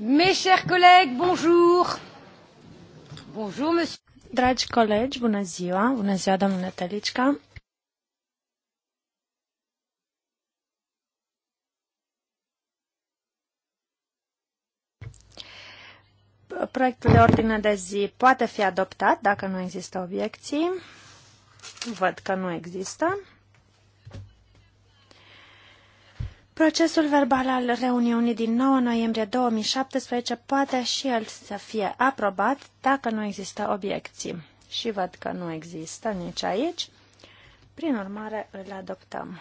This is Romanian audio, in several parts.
Mes chers collègues, bonjour. Bonjour, monsieur. Dragi colegi, bună ziua. Bună ziua, domnule Telicca. Proiectul de ordine de zi poate fi adoptat dacă nu există obiecții. Văd că nu există. Procesul verbal al reuniunii din 9 noiembrie 2017 poate și el să fie aprobat dacă nu există obiecții. Și văd că nu există nici aici. Prin urmare, îl adoptăm.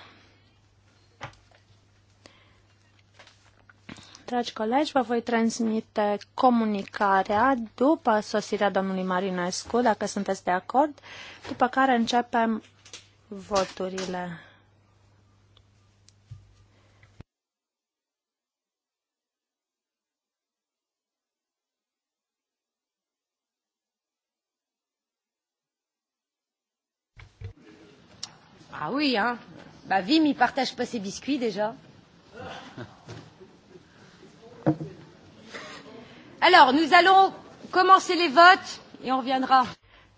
Dragi colegi, vă voi transmite comunicarea după sosirea domnului Marinescu, dacă sunteți de acord, după care începem voturile. Ah oui, hein. Bah, Vim, il partage pas ses biscuits déjà. Alors, nous allons commencer les votes et on reviendra.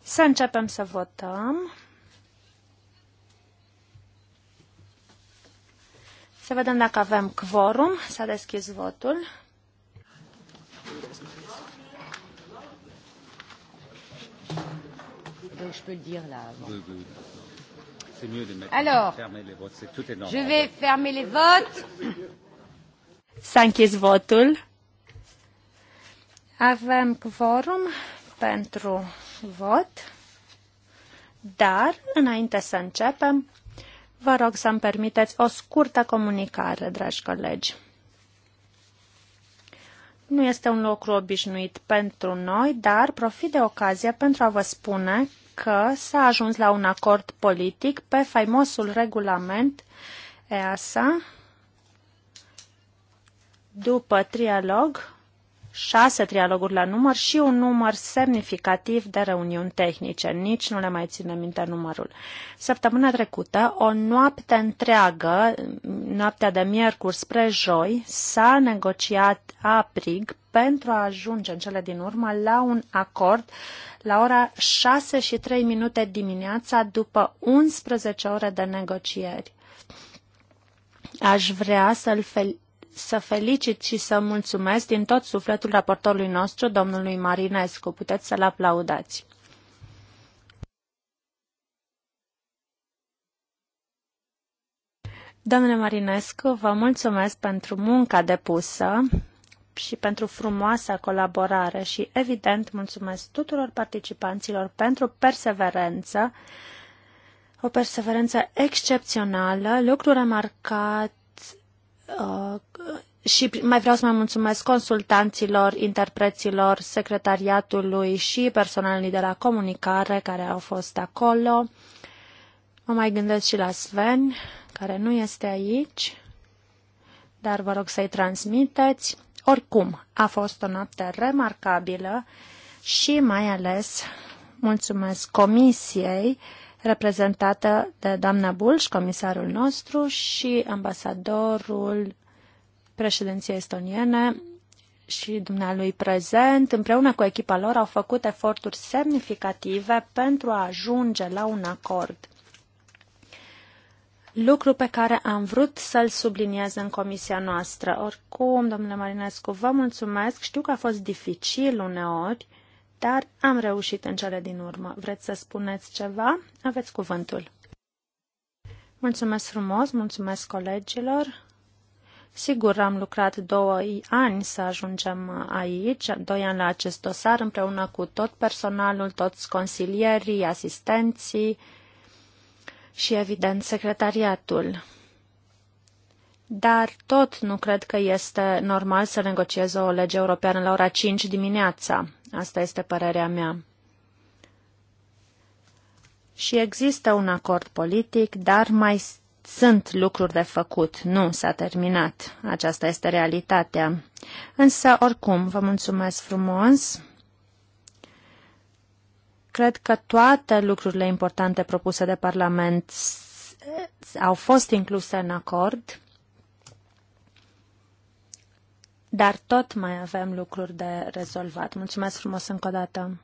Să începem să votăm. Să vedem dacă avem quorum. S-a deschis votul. Donc je peux le dire là avant. Oui, oui. Alors, je vais fermer les votes. S-a închis votul. Avem quorum pentru vot, dar înainte să începem, vă rog să-mi permiteți o scurtă comunicare, dragi colegi. Nu este un lucru obișnuit pentru noi, dar profit de ocazia pentru a vă spune că s-a ajuns la un acord politic pe faimosul regulament EASA după trialog șase trialoguri la număr și un număr semnificativ de reuniuni tehnice. Nici nu le mai ține minte numărul. Săptămâna trecută, o noapte întreagă, noaptea de miercuri spre joi, s-a negociat aprig pentru a ajunge în cele din urmă la un acord la ora 6 și 3 minute dimineața după 11 ore de negocieri. Aș vrea să-l fel- să felicit și să mulțumesc din tot sufletul raportorului nostru, domnului Marinescu. Puteți să-l aplaudați. Domnule Marinescu, vă mulțumesc pentru munca depusă și pentru frumoasa colaborare și, evident, mulțumesc tuturor participanților pentru perseverență, o perseverență excepțională, lucru remarcat Uh, și mai vreau să mai mulțumesc consultanților, interpreților, secretariatului și personalului de la comunicare care au fost acolo. Mă mai gândesc și la Sven, care nu este aici, dar vă rog să-i transmiteți. Oricum, a fost o noapte remarcabilă și mai ales mulțumesc comisiei reprezentată de doamna Bulș, comisarul nostru, și ambasadorul președinției estoniene și dumnealui prezent, împreună cu echipa lor, au făcut eforturi semnificative pentru a ajunge la un acord. Lucru pe care am vrut să-l subliniez în comisia noastră. Oricum, domnule Marinescu, vă mulțumesc. Știu că a fost dificil uneori, uh, dar am reușit în cele din urmă. Vreți să spuneți ceva? Aveți cuvântul. Mulțumesc frumos, mulțumesc colegilor. Sigur, am lucrat două ani să ajungem aici, doi ani la acest dosar, împreună cu tot personalul, toți consilierii, asistenții și, evident, secretariatul. Dar tot nu cred că este normal să negociez o lege europeană la ora 5 dimineața. Asta este părerea mea. Și există un acord politic, dar mai sunt lucruri de făcut. Nu s-a terminat. Aceasta este realitatea. Însă, oricum, vă mulțumesc frumos. Cred că toate lucrurile importante propuse de Parlament au fost incluse în acord dar tot mai avem lucruri de rezolvat. Mulțumesc frumos încă o dată!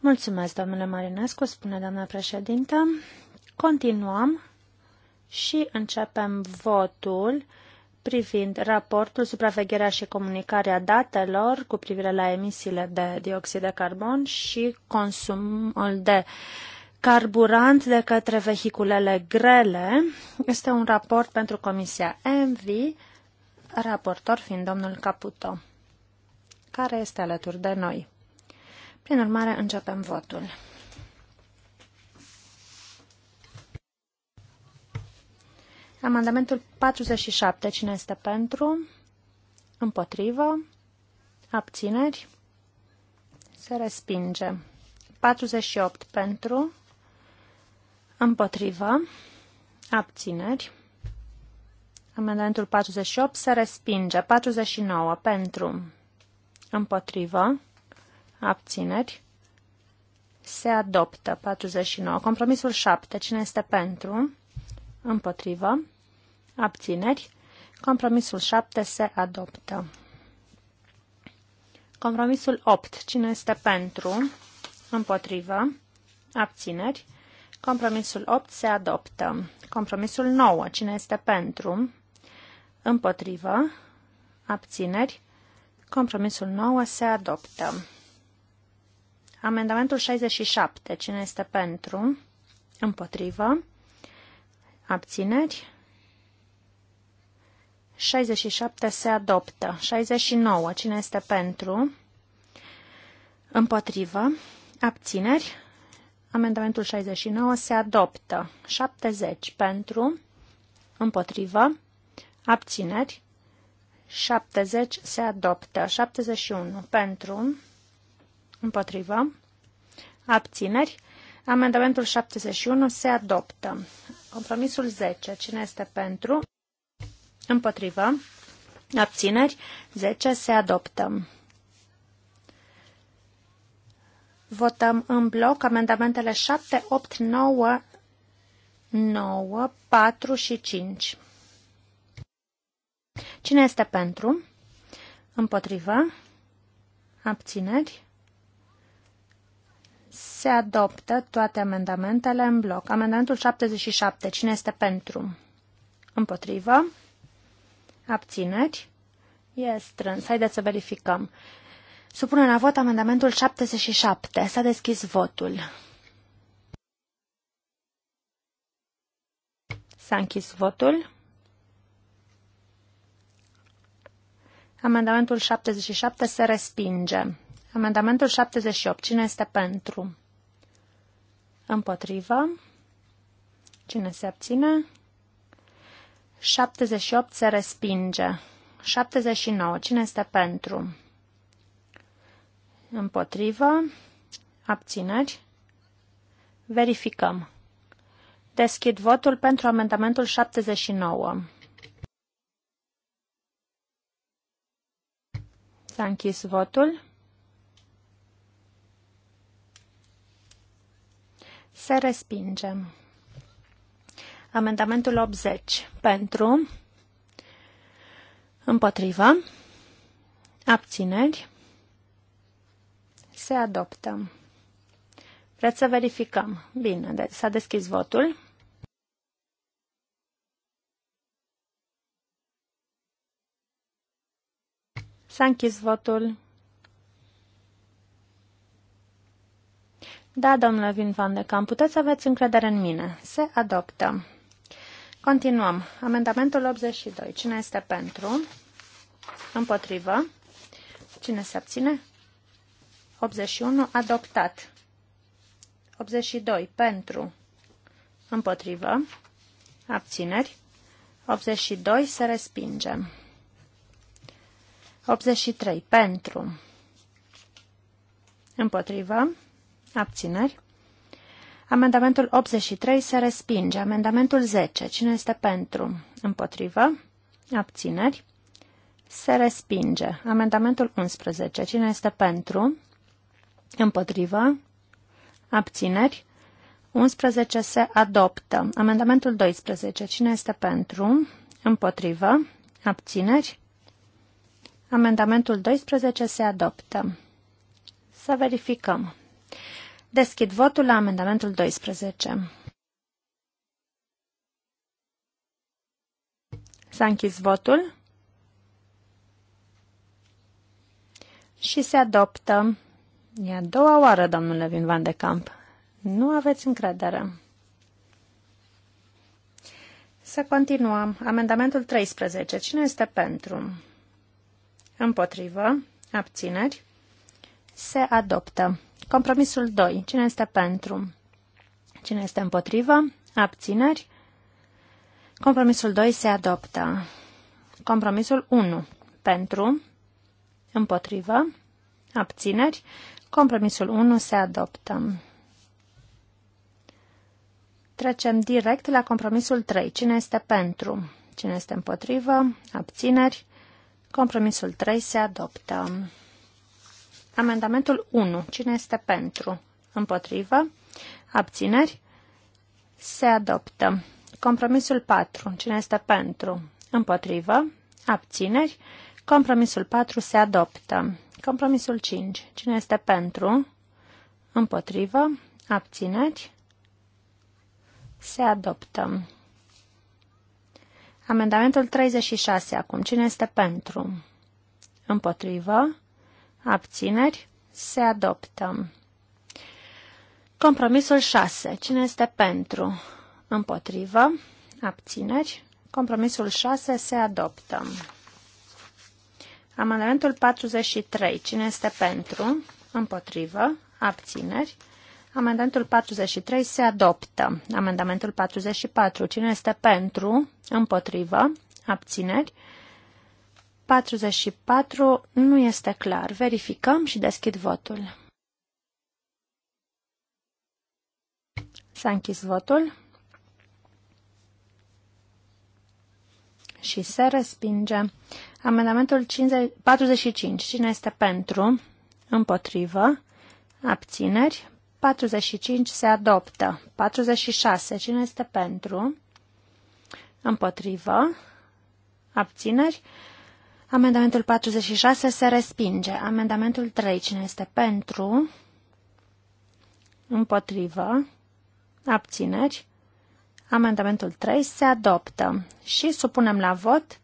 Mulțumesc, domnule Marinescu, spune doamna președintă. Continuăm și începem votul privind raportul supravegherea și comunicarea datelor cu privire la emisiile de dioxid de carbon și consumul de uh, carburant de către vehiculele grele. Este un raport pentru Comisia ENVI, raportor fiind domnul Caputo, care este alături de noi. Prin urmare, începem votul. Amendamentul 47. Cine este pentru? Împotrivă? Abțineri? Se respinge. 48 pentru, Împotrivă. Abțineri. Amendamentul 48 se respinge. 49 pentru. Împotrivă. Abțineri. Se adoptă. 49. Compromisul 7. Cine este pentru? Împotrivă. Abțineri. Compromisul 7 se adoptă. Compromisul 8. Cine este pentru? Împotrivă. Abțineri. Compromisul 8 se adoptă. Compromisul 9. Cine este pentru? Împotrivă. Abțineri. Compromisul 9 se adoptă. Amendamentul 67. Cine este pentru? Împotrivă. Abțineri. 67 se adoptă. 69. Cine este pentru? Împotrivă. Abțineri. Amendamentul 69 se adoptă. 70 pentru, împotrivă, abțineri. 70 se adoptă. 71 pentru, împotrivă, abțineri. Amendamentul 71 se adoptă. Compromisul 10. Cine este pentru? Împotrivă. Abțineri. 10 se adoptă. Votăm în bloc amendamentele 7, 8, 9, 9, 4 și 5. Cine este pentru? Împotrivă? Abțineri? Se adoptă toate amendamentele în bloc. Amendamentul 77. Cine este pentru? Împotrivă? Abțineri? E strâns. Haideți să verificăm. Supune la vot amendamentul 77. S-a deschis votul. S-a închis votul. Amendamentul 77 se respinge. Amendamentul 78. Cine este pentru? Împotrivă. Cine se abține? 78 se respinge. 79. Cine este pentru? împotrivă, abțineri. Verificăm. Deschid votul pentru amendamentul 79. S-a închis votul. Se respinge. Amendamentul 80. Pentru. Împotrivă. Abțineri. Se adoptă. Vreți să verificăm? Bine, s-a deschis votul. S-a închis votul. Da, domnule Vin Van de Camp, puteți să aveți încredere în mine. Se adoptă. Continuăm. Amendamentul 82. Cine este pentru? Împotrivă. Cine se abține? 81. Adoptat. 82. Pentru. Împotrivă. Abțineri. 82. Se respinge. 83. Pentru. Împotrivă. Abțineri. Amendamentul 83 se respinge. Amendamentul 10. Cine este pentru? Împotrivă. Abțineri. Se respinge. Amendamentul 11. Cine este pentru? Împotrivă. Abțineri. 11 se adoptă. Amendamentul 12. Cine este pentru? Împotrivă. Abțineri. Amendamentul 12 se adoptă. Să verificăm. Deschid votul la amendamentul 12. S-a închis votul și se adoptă E a doua oară, domnule Vin Van de Camp. Nu aveți încredere. Să continuăm. Amendamentul 13. Cine este pentru? Împotrivă. Abțineri. Se adoptă. Compromisul 2. Cine este pentru? Cine este împotrivă? Abțineri. Compromisul 2 se adoptă. Compromisul 1. Pentru. Împotrivă. Abțineri. Compromisul 1 se adoptă. Trecem direct la compromisul 3. Cine este pentru? Cine este împotrivă? Abțineri? Compromisul 3 se adoptă. Amendamentul 1. Cine este pentru? Împotrivă? Abțineri? Se adoptă. Compromisul 4. Cine este pentru? Împotrivă? Abțineri? Compromisul 4 se adoptă. Compromisul 5. Cine este pentru? Împotrivă? Abțineri? Se adoptă. Amendamentul 36 acum. Cine este pentru? Împotrivă? Abțineri? Se adoptă. Compromisul 6. Cine este pentru? Împotrivă? Abțineri? Compromisul 6 se adoptă. Amendamentul 43. Cine este pentru? Împotrivă. Abțineri. Amendamentul 43 se adoptă. Amendamentul 44. Cine este pentru? Împotrivă. Abțineri. 44 nu este clar. Verificăm și deschid votul. S-a închis votul și se respinge. Amendamentul 50, 45. Cine este pentru? Împotrivă. Abțineri. 45 se adoptă. 46. Cine este pentru? Împotrivă. Abțineri. Amendamentul 46 se respinge. Amendamentul 3. Cine este pentru? Împotrivă. Abțineri. Amendamentul 3 se adoptă. Și supunem la vot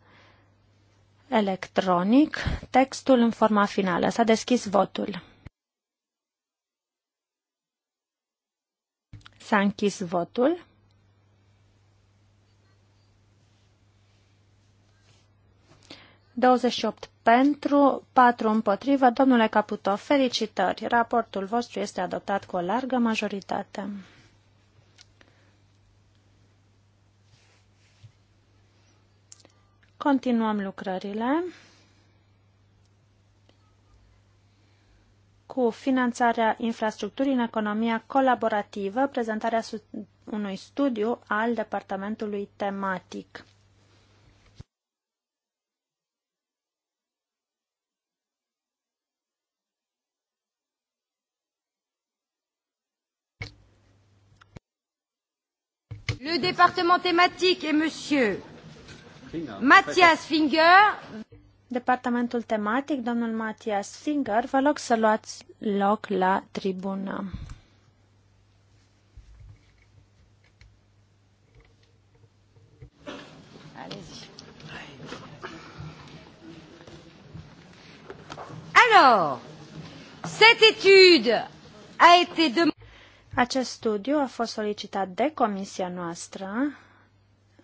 electronic textul în forma finală. S-a deschis votul. S-a închis votul. Douăzeci opt pentru, patru împotrivă. Domnule Caputo, felicitări! Raportul vostru este adoptat cu o largă majoritate. Continuăm lucrările cu finanțarea infrastructurii în economia colaborativă, prezentarea unui studiu al departamentului tematic. Le département thématique est monsieur Matthias Finger. Departamentul tematic, domnul Matthias Finger, vă rog să luați loc la tribună. Alors, cette étude a été de... Acest studiu a fost solicitat de comisia noastră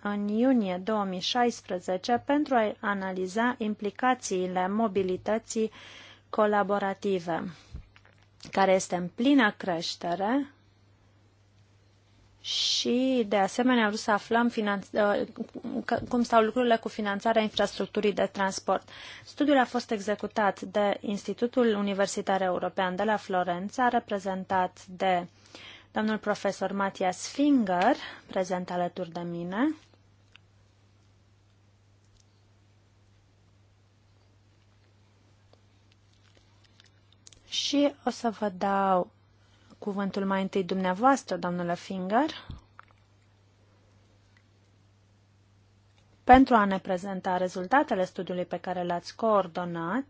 în iunie 2016 pentru a analiza implicațiile mobilității colaborative, care este în plină creștere și, de asemenea, vrut să aflăm uh, cum stau lucrurile cu finanțarea infrastructurii de transport. Studiul a fost executat de Institutul Universitar European de la Florența, reprezentat de domnul profesor Matias Finger, prezent alături de mine, și o să vă dau cuvântul mai întâi dumneavoastră, domnule Finger, pentru a ne prezenta rezultatele studiului pe care le ați coordonat,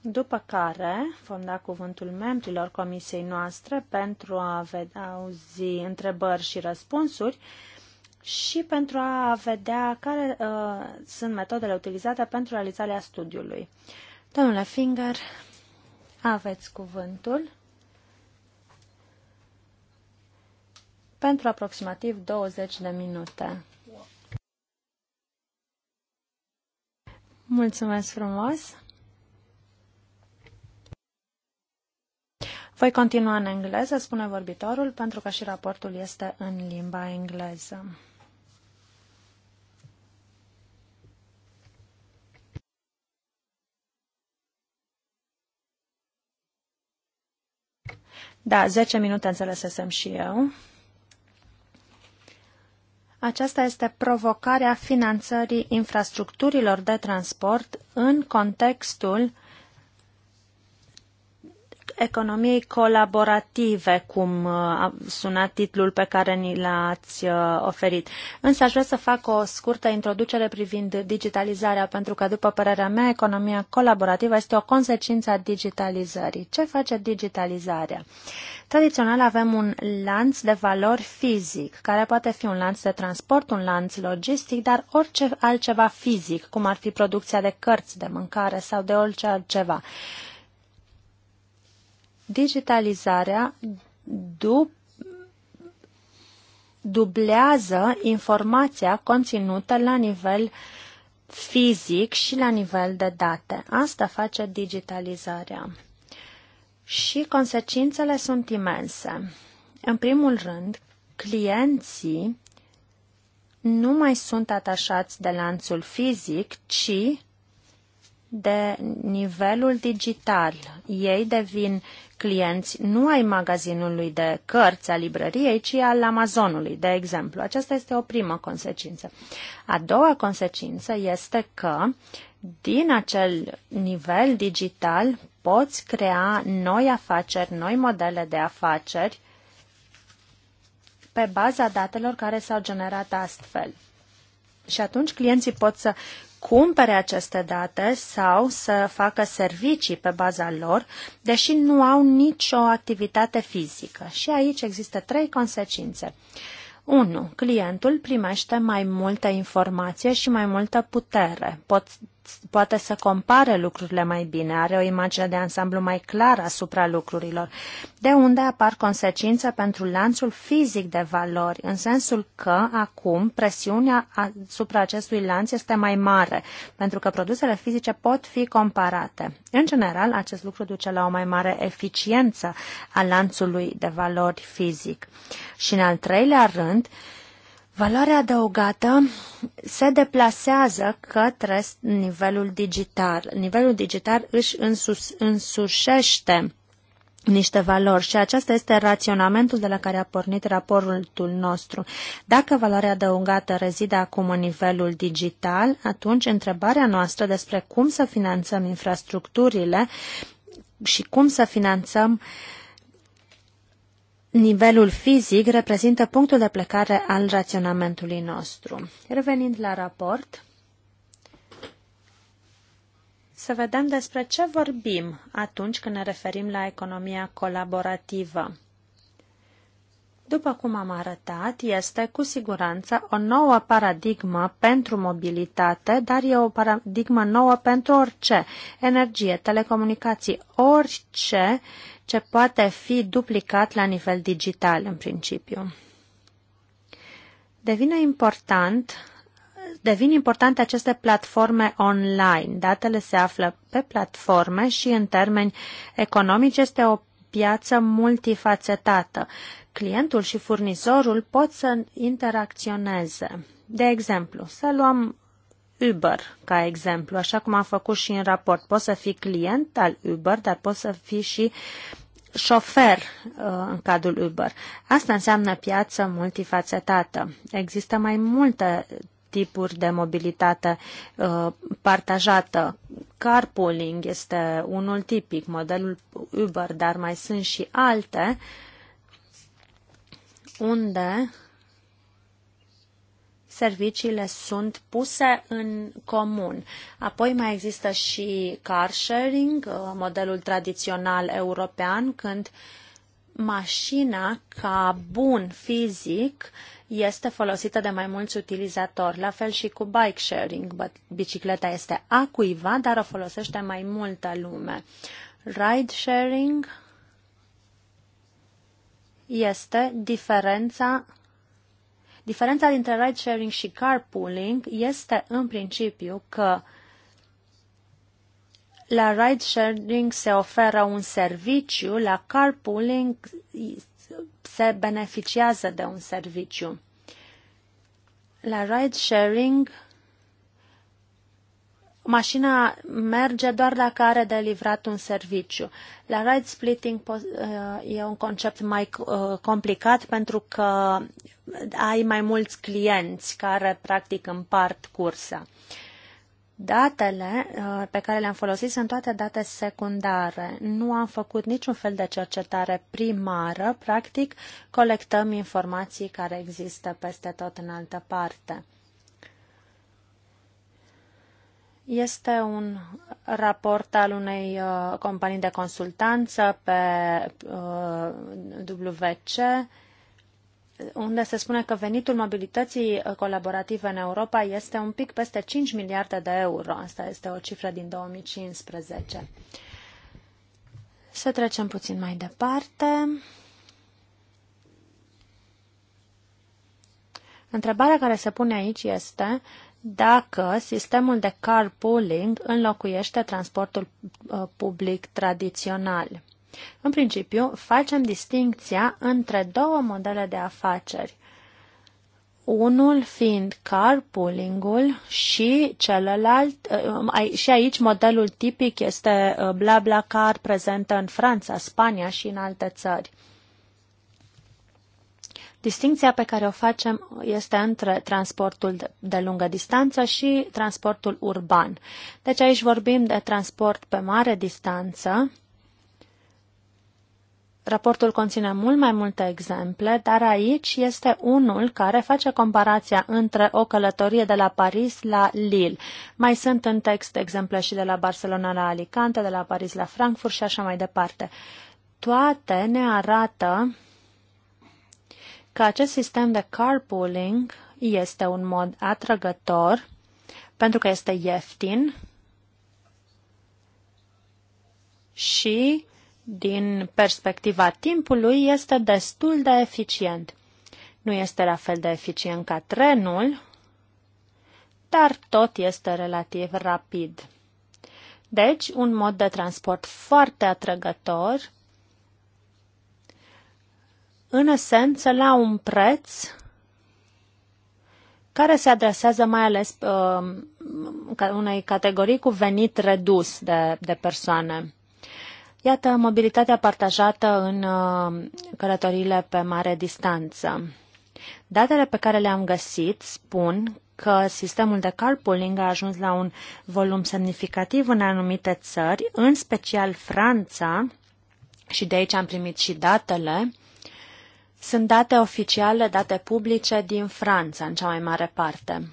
după care vom da cuvântul membrilor comisiei noastre pentru a vedea, auzi întrebări și răspunsuri și pentru a vedea care uh, sunt metodele utilizate pentru realizarea studiului. Domnule Finger, aveți cuvântul pentru aproximativ 20 de minute. Mulțumesc frumos! Voi continua în engleză, spune vorbitorul, pentru că și raportul este în limba engleză. Da, 10 minute înțelesesem și eu. Aceasta este provocarea finanțării infrastructurilor de transport în contextul economiei colaborative, cum uh, a sunat titlul pe care ni l-ați uh, oferit. Însă aș vrea să fac o scurtă introducere privind digitalizarea, pentru că, după părerea mea, economia colaborativă este o consecință a digitalizării. Ce face digitalizarea? Tradițional avem un lanț de valori fizic, care poate fi un lanț de transport, un lanț logistic, dar orice altceva fizic, cum ar fi producția de cărți, de mâncare sau de orice altceva digitalizarea du- dublează informația conținută la nivel fizic și la nivel de date. Asta face digitalizarea. Și consecințele sunt imense. În primul rând, clienții nu mai sunt atașați de lanțul fizic, ci de nivelul digital. Ei devin clienți nu ai magazinului de cărți, a librăriei, ci al Amazonului, de exemplu. Aceasta este o primă consecință. A doua consecință este că din acel nivel digital poți crea noi afaceri, noi modele de afaceri pe baza datelor care s-au generat astfel. Și atunci clienții pot să cumpere aceste date sau să facă servicii pe baza lor, deși nu au nicio activitate fizică. Și aici există trei consecințe. 1. Clientul primește mai multă informație și mai multă putere. Pot poate să compare lucrurile mai bine, are o imagine de ansamblu mai clară asupra lucrurilor, de unde apar consecințe pentru lanțul fizic de valori, în sensul că acum presiunea asupra acestui lanț este mai mare, pentru că produsele fizice pot fi comparate. În general, acest lucru duce la o mai mare eficiență a lanțului de valori fizic. Și în al treilea rând, Valoarea adăugată se deplasează către nivelul digital. Nivelul digital își însus, însușește niște valori și acesta este raționamentul de la care a pornit raportul nostru. Dacă valoarea adăugată rezide acum în nivelul digital, atunci întrebarea noastră despre cum să finanțăm infrastructurile și cum să finanțăm uh, nivelul fizic reprezintă punctul de plecare al raționamentului nostru. Revenind la raport, să vedem despre ce vorbim atunci când ne referim la economia colaborativă. După cum am arătat, este cu siguranță o nouă paradigmă pentru mobilitate, dar e o paradigmă nouă pentru orice. Energie, telecomunicații, orice ce poate fi duplicat la nivel digital, în principiu. Devine important devin importante aceste platforme online. Datele se află pe platforme și în termeni economici este o piață multifacetată. Clientul și furnizorul pot să interacționeze. De exemplu, să luăm Uber ca exemplu, așa cum am făcut și în raport. Poți să fii client al Uber, dar poți să fii și șofer uh, în cadrul Uber. Asta înseamnă piață multifacetată. Există mai multe tipuri de mobilitate uh, partajată. Carpooling este unul tipic, modelul Uber, dar mai sunt și alte unde serviciile sunt puse în comun. Apoi mai există și car sharing, uh, modelul tradițional european, când mașina ca bun fizic uh, este folosită de mai mulți utilizatori, la fel și cu bike sharing. Bicicleta este a cuiva, dar o folosește mai multă lume. Ride sharing este diferența Diferența dintre ride sharing și carpooling este în principiu că la ride sharing se oferă un serviciu, la carpooling se beneficiază de un serviciu. La ride sharing, mașina merge doar dacă are de livrat un serviciu. La ride splitting uh, e un concept mai uh, complicat pentru că ai mai mulți clienți care practic împart cursa. Uh, Datele uh, pe care le-am folosit sunt toate date secundare. Nu am făcut niciun fel de cercetare primară, practic colectăm informații care există peste tot în altă parte. Este un raport al unei uh, companii de consultanță pe uh, WC unde se spune că venitul mobilității uh, colaborative în Europa este un pic peste 5 miliarde de euro. Asta este o cifră din 2015. Să trecem puțin mai departe. Întrebarea care se pune aici este dacă sistemul de carpooling înlocuiește transportul uh, public tradițional. În principiu, facem distincția între două modele de afaceri. Unul fiind carpooling-ul și celălalt, uh, și aici modelul tipic este uh, BlaBlaCar prezentă în Franța, Spania și în alte țări. Distinția pe care o facem este între transportul de lungă distanță și transportul urban. Deci aici vorbim de transport pe mare distanță, Raportul conține mult mai multe exemple, dar aici este unul care face comparația între o călătorie de la Paris la Lille. Mai sunt în text exemple și de la Barcelona la Alicante, de la Paris la Frankfurt și așa mai departe. Toate ne arată că acest sistem de carpooling este un mod atrăgător pentru că este ieftin și din perspectiva timpului, este destul de eficient. Nu este la fel de eficient ca trenul, dar tot este relativ rapid. Deci, un mod de transport foarte atrăgător, în esență, la un preț care se adresează mai ales uh, unei categorii cu venit redus de, de persoane. Iată mobilitatea partajată în uh, călătorile pe mare distanță. Datele pe care le-am găsit spun că sistemul de carpooling a ajuns la un volum semnificativ în anumite țări, în special Franța, și de aici am primit și datele. Sunt date oficiale, date publice din Franța, în cea mai mare parte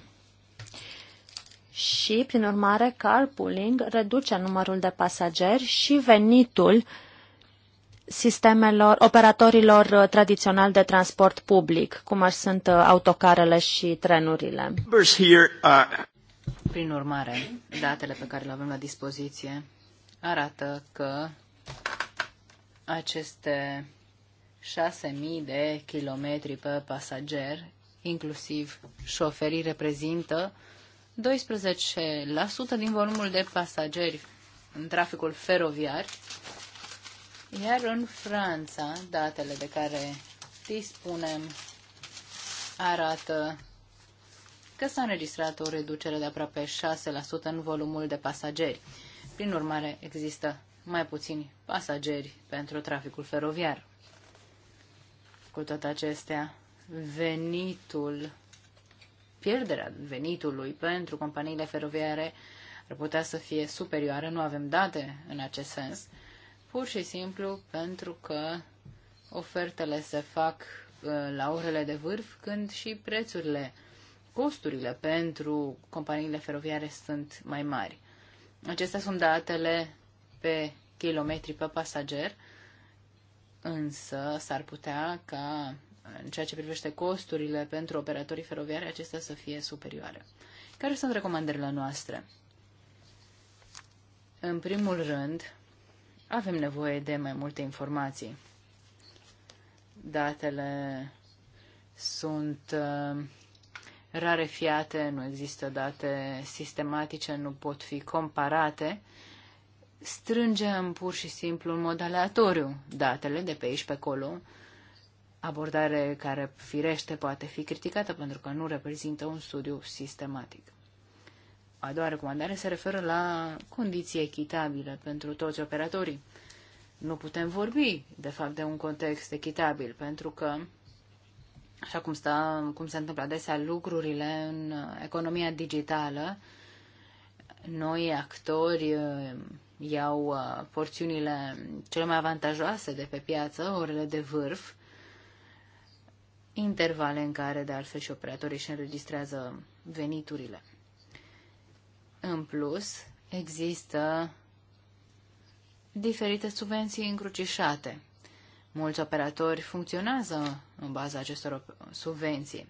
și, prin urmare, carpooling reduce numărul de pasageri și venitul sistemelor, operatorilor uh, tradițional de transport public, cum ar sunt uh, autocarele și trenurile. Uh, prin urmare, datele pe care le avem la dispoziție arată că aceste 6.000 de kilometri pe pasager, inclusiv șoferii, reprezintă 12% din volumul de pasageri în traficul feroviar, iar în Franța, datele de care dispunem arată că s-a înregistrat o reducere de aproape 6% în volumul de pasageri. Prin urmare, există mai puțini pasageri pentru traficul feroviar. Cu toate acestea, venitul pierderea venitului pentru companiile feroviare ar putea să fie superioară, nu avem date în acest sens, pur și simplu pentru că ofertele se fac uh, la orele de vârf, când și prețurile, costurile pentru companiile feroviare sunt mai mari. Acestea sunt datele pe kilometri pe pasager, însă s-ar putea ca în ceea ce privește costurile pentru operatorii feroviari, acestea să fie superioare. Care sunt recomandările noastre? În primul rând, avem nevoie de mai multe informații. Datele sunt rare uh, rarefiate, nu există date sistematice, nu pot fi comparate. Strângem pur și simplu în mod aleatoriu datele de pe aici pe acolo, abordare care, firește, poate fi criticată pentru că nu reprezintă un studiu sistematic. A doua recomandare se referă la condiții echitabile pentru toți operatorii. Nu putem vorbi, de fapt, de un context echitabil, pentru că, așa cum, stă, cum se întâmplă adesea lucrurile în economia digitală, noi actori iau uh, porțiunile cele mai avantajoase de pe piață, orele de vârf, intervale în care, de altfel, și operatorii își înregistrează veniturile. În plus, există diferite subvenții încrucișate. Mulți operatori funcționează în baza acestor subvenții.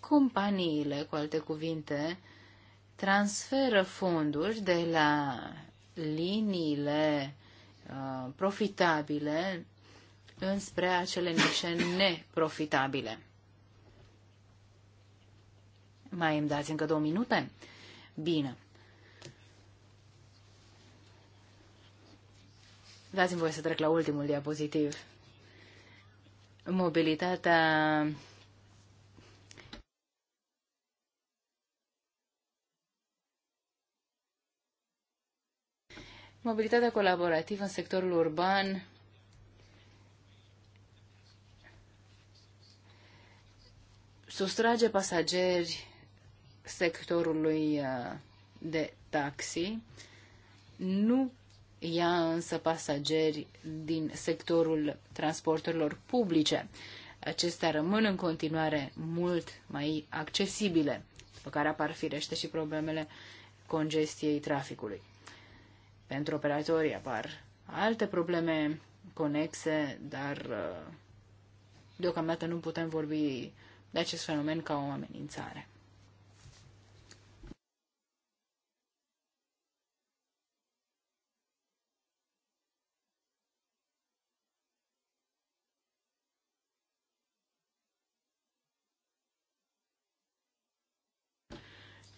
Companiile, cu alte cuvinte, transferă fonduri de la liniile uh, profitabile înspre acele nișe neprofitabile. Mai îmi dați încă două minute? Bine. Dați-mi voie să trec la ultimul diapozitiv. Mobilitatea Mobilitatea colaborativă în sectorul urban sustrage pasageri sectorului uh, de taxi, nu ia însă pasageri din sectorul transporturilor publice. Acestea rămân în continuare mult mai accesibile, după care apar firește și problemele congestiei traficului. Pentru operatorii apar alte probleme conexe, dar uh, deocamdată nu putem vorbi de acest fenomen ca o amenințare.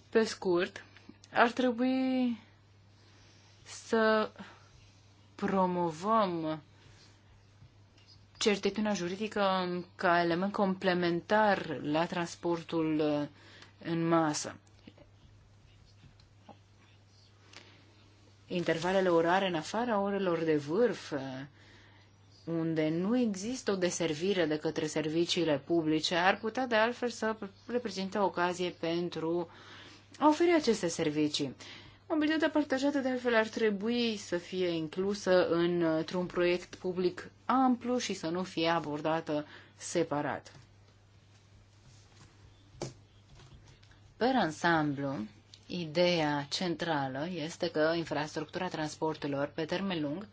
Pe scurt, ar trebui să promovăm certitudinea juridică ca element complementar la transportul uh, în masă. Intervalele orare în afara orelor de vârf, uh, unde nu există o deservire de către serviciile publice, ar putea de altfel să reprezinte ocazie pentru a oferi aceste servicii. Mobilitatea partajată, de altfel, ar trebui să fie inclusă într-un proiect public amplu și să nu fie abordată separat. Pe ansamblu, ideea centrală este că infrastructura transporturilor pe termen lung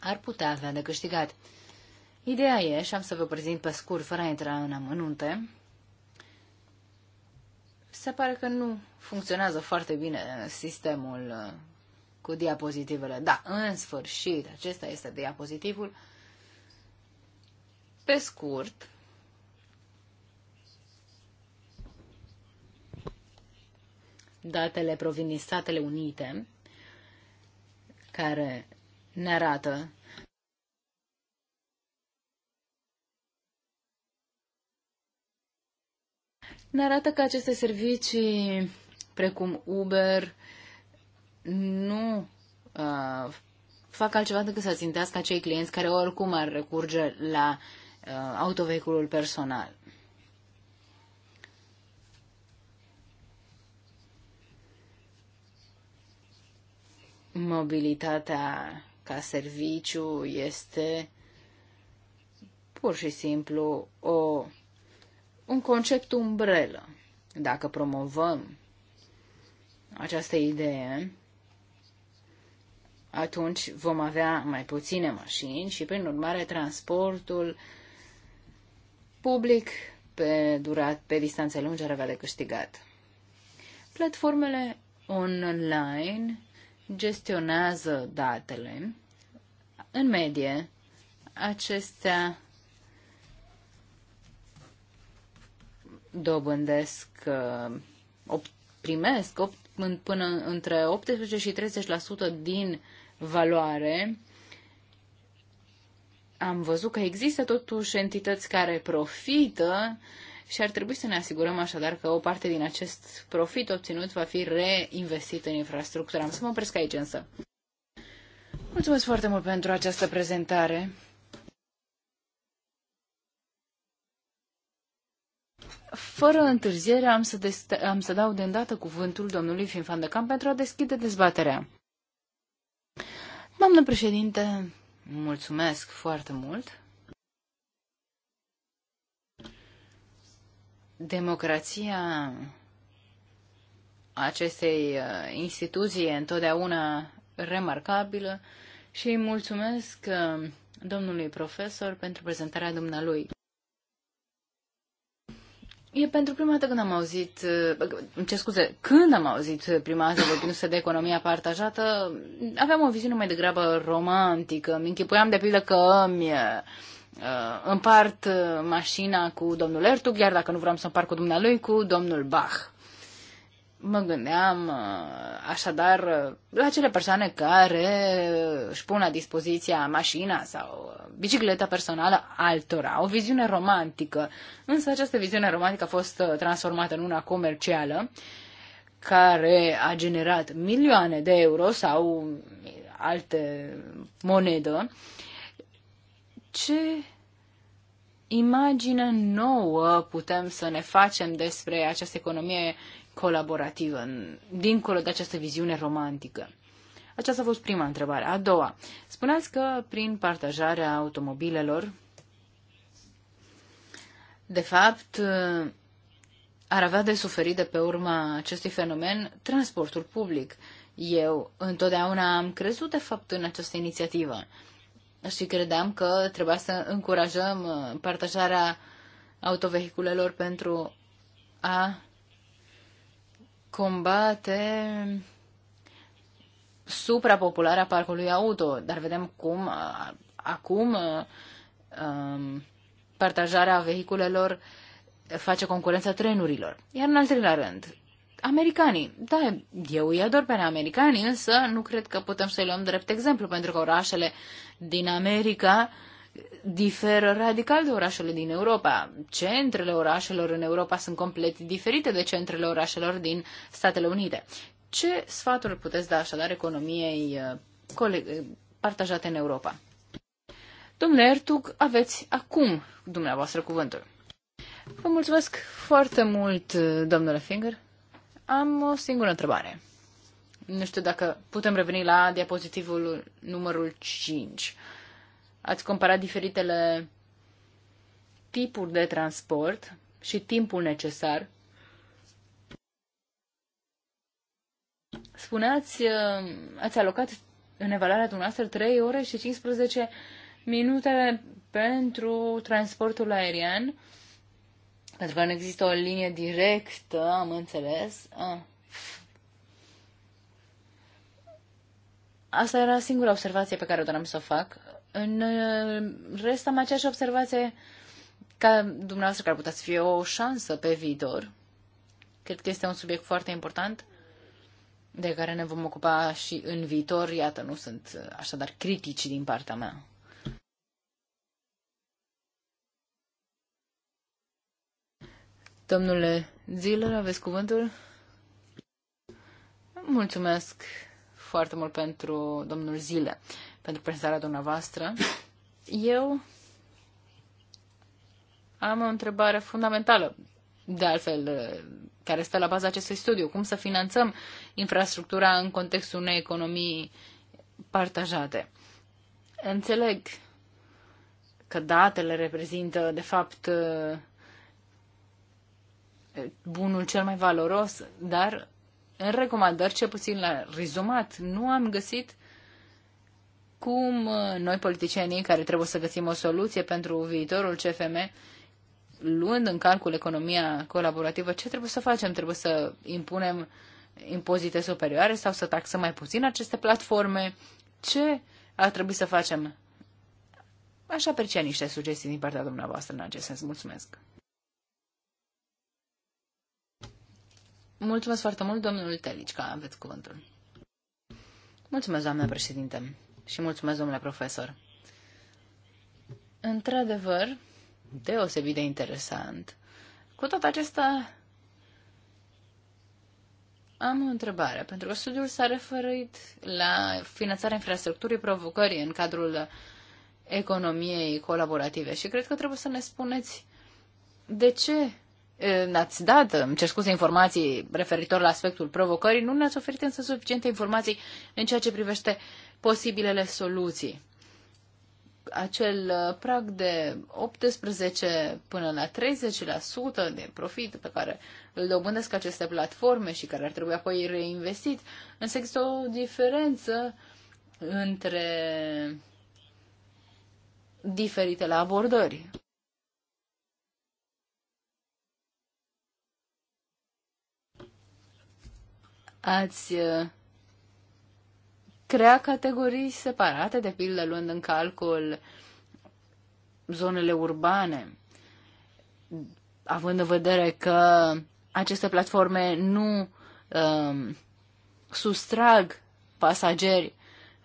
ar putea avea de câștigat. Ideea e, și am să vă prezint pe scurt, fără a intra în amănunte, se pare că nu funcționează foarte bine sistemul uh, cu diapozitivele. Da, în sfârșit, acesta este diapozitivul. Pe scurt, datele provin din Statele Unite, care ne arată ne arată că aceste servicii, precum Uber, nu uh, fac altceva decât să țintească acei clienți care oricum ar recurge la uh, autovehiculul personal. Mobilitatea ca serviciu este pur și simplu o un concept umbrelă. Dacă promovăm această idee, atunci vom avea mai puține mașini și, prin urmare, transportul public pe, durat, pe distanțe lungi ar avea de câștigat. Platformele online gestionează datele. În medie, acestea dobândesc, uh, primesc până între 18 și 30% din valoare. Am văzut că există totuși entități care profită și ar trebui să ne asigurăm așadar că o parte din acest profit obținut va fi reinvestit în infrastructură. Am să mă opresc aici însă. Mulțumesc foarte mult pentru această prezentare. Fără întârziere am să, am să dau de îndată cuvântul domnului Finfan de Camp pentru a deschide dezbaterea. Doamnă președinte, mulțumesc foarte mult. Democrația acestei uh, instituții întotdeauna remarcabilă și îi mulțumesc uh, domnului profesor pentru prezentarea dumnealui. E pentru prima dată când am auzit, ce scuze, când am auzit prima dată vorbindu-se de economia partajată, aveam o viziune mai degrabă romantică. Îmi închipuiam de pildă că îmi uh, împart mașina cu domnul Ertug, iar dacă nu vreau să împart cu dumnealui, cu domnul Bach mă gândeam uh, așadar uh, la cele persoane care își pun la dispoziția mașina sau uh, bicicleta personală altora, o viziune romantică. Însă această viziune romantică a fost transformată în una comercială care a generat milioane de euro sau alte monedă. Ce imagine nouă putem să ne facem despre această economie colaborativă, dincolo de această viziune romantică? Aceasta a fost prima întrebare. A doua, spuneați că prin partajarea automobilelor, de fapt, ar avea de suferit de pe urma acestui fenomen transportul public. Eu întotdeauna am crezut, de fapt, în această inițiativă și credeam că trebuia să încurajăm uh, partajarea autovehiculelor pentru a combate suprapopularea parcului auto, dar vedem cum acum partajarea vehiculelor face concurența trenurilor. Iar în al treilea rând, americanii. Da, eu îi ador pe americanii, însă nu cred că putem să-i luăm drept exemplu, pentru că orașele din America uh, diferă radical de orașele din Europa. Centrele orașelor în Europa sunt complet diferite de centrele orașelor din Statele Unite. Ce sfaturi puteți da așadar economiei uh, uh, partajate în Europa? Domnule Ertug, aveți acum dumneavoastră cuvântul. Vă mulțumesc foarte mult, uh, domnule Finger. Am o singură întrebare. Nu știu dacă putem reveni la diapozitivul numărul 5 ați comparat diferitele tipuri de transport și timpul necesar. Spuneați, uh, ați alocat în evaluarea dumneavoastră 3 ore și 15 minute pentru transportul aerian, pentru că nu există o linie directă, am înțeles. Ah. Asta era singura observație pe care o doream să o fac. În uh, rest am aceeași observație ca dumneavoastră că ar putea să fie o șansă pe viitor. Cred că este un subiect foarte important de care ne vom ocupa și în viitor. Iată, nu sunt uh, așadar critici din partea mea. Domnule Ziller, aveți cuvântul? Mulțumesc foarte mult pentru domnul Zile pentru prezentarea dumneavoastră. Eu am o întrebare fundamentală, de altfel, care stă la baza acestui studiu. Cum să finanțăm infrastructura în contextul unei economii partajate? Înțeleg că datele reprezintă, de fapt, bunul cel mai valoros, dar în recomandări, ce puțin la rezumat, nu am găsit cum uh, noi politicienii care trebuie să găsim o soluție pentru viitorul CFM, luând în calcul economia colaborativă, ce trebuie să facem? Trebuie să impunem impozite superioare sau să taxăm mai puțin aceste platforme? Ce ar trebui să facem? Aș aprecia niște sugestii din partea dumneavoastră în acest sens. Mulțumesc! Mulțumesc foarte mult, domnul că aveți cuvântul. Mulțumesc, doamnă președinte și mulțumesc, domnule profesor. Într-adevăr, deosebit de interesant. Cu tot acesta, am o întrebare, pentru că studiul s-a referit la finanțarea infrastructurii provocării în cadrul economiei colaborative și cred că trebuie să ne spuneți de ce ne-ați dat, îmi cer scuze, informații referitor la aspectul provocării, nu ne-ați oferit însă suficiente informații în ceea ce privește uh, posibilele soluții. Acel uh, prag de 18 până la 30% de profit pe care îl dobândesc aceste platforme și care ar trebui apoi reinvestit, însă există o diferență între diferitele abordări. Ați uh, crea categorii separate, de pildă luând în calcul zonele urbane, având în vedere că aceste platforme nu um, sustrag pasageri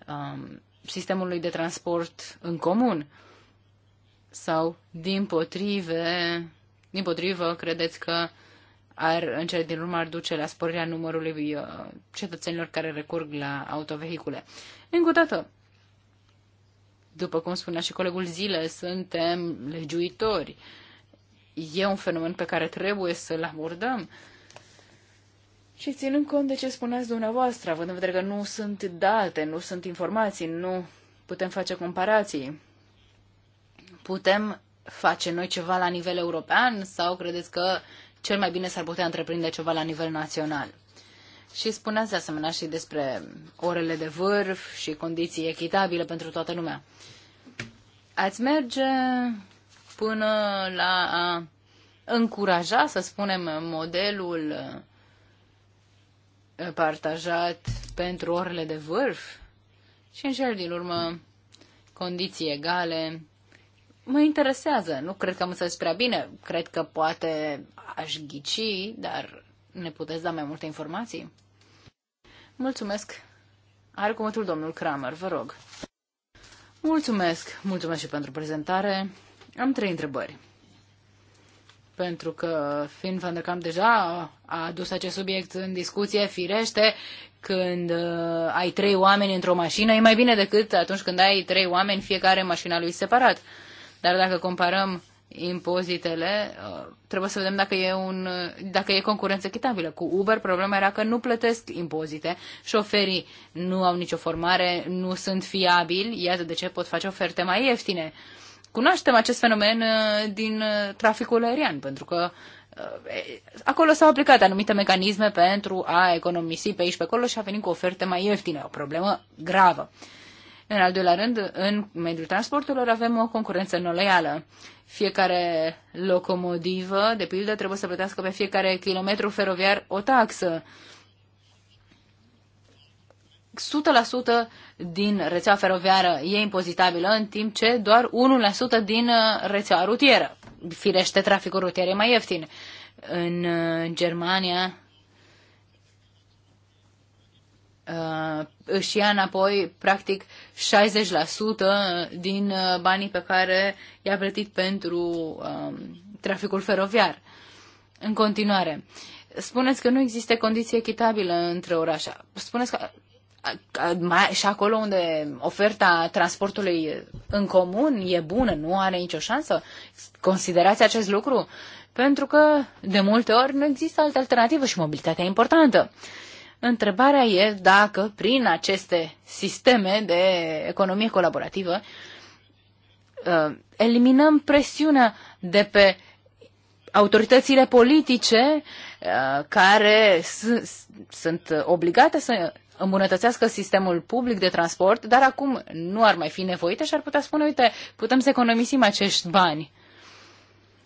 um, sistemului de transport în comun sau din potrive, din potrivă credeți că ar, în cele din urmă ar duce la sporirea numărului uh, cetățenilor care recurg la autovehicule. Încă o dată, după cum spunea și colegul Zile, suntem legiuitori. E un fenomen pe care trebuie să-l abordăm. Și ținând cont de ce spuneați dumneavoastră, având în vedere că nu sunt date, nu sunt informații, nu putem face comparații, putem face noi ceva la nivel european sau credeți că uh, cel mai bine s-ar putea întreprinde ceva la nivel național. Și spuneați de asemenea și despre orele de vârf și condiții echitabile pentru toată lumea. Ați merge până la a încuraja, să spunem, modelul uh, partajat pentru orele de vârf și în cel din urmă condiții egale mă interesează. Nu cred că am înțeles prea bine. Cred că poate aș ghici, dar ne puteți da mai multe informații? Mulțumesc. Are cuvântul domnul Kramer, vă rog. Mulțumesc. Mulțumesc și pentru prezentare. Am trei întrebări. Pentru că Finn van der Kamp deja a adus acest subiect în discuție, firește, când uh, ai trei oameni într-o mașină, e mai bine decât atunci când ai trei oameni fiecare în mașina lui separat. Uh, dar dacă comparăm impozitele, uh, trebuie să vedem dacă e, un, dacă e concurență echitabilă. Cu Uber problema era că nu plătesc impozite, șoferii nu au nicio formare, nu sunt fiabili, iată de ce pot face oferte mai ieftine. Cunoaștem acest fenomen uh, din uh, traficul aerian, pentru că acolo s-au aplicat anumite mecanisme pentru a economisi pe aici pe acolo și a venit cu oferte mai ieftine, o problemă gravă. În al doilea rând, în mediul transporturilor avem o concurență neloială. Fiecare locomotivă, de pildă, trebuie să plătească pe fiecare kilometru feroviar o taxă. 100% din rețeaua feroviară e impozitabilă, în timp ce doar 1% din uh, rețeaua rutieră. Firește, traficul rutier e mai ieftin. În uh, Germania Uh, își ia înapoi practic 60% din uh, banii pe care i-a plătit pentru um, traficul feroviar. În continuare, spuneți că nu există condiții echitabile între orașe. Spuneți că mai, și acolo unde oferta transportului în comun e bună, nu are nicio șansă? Considerați acest lucru? Pentru că de multe ori nu există altă alternativă și mobilitatea e importantă. Uh, Întrebarea e dacă prin aceste sisteme de economie colaborativă uh, eliminăm presiunea de pe autoritățile politice uh, care sunt obligate să îmbunătățească sistemul public de transport, dar acum nu ar mai fi nevoite și ar putea spune, uite, putem să economisim acești bani.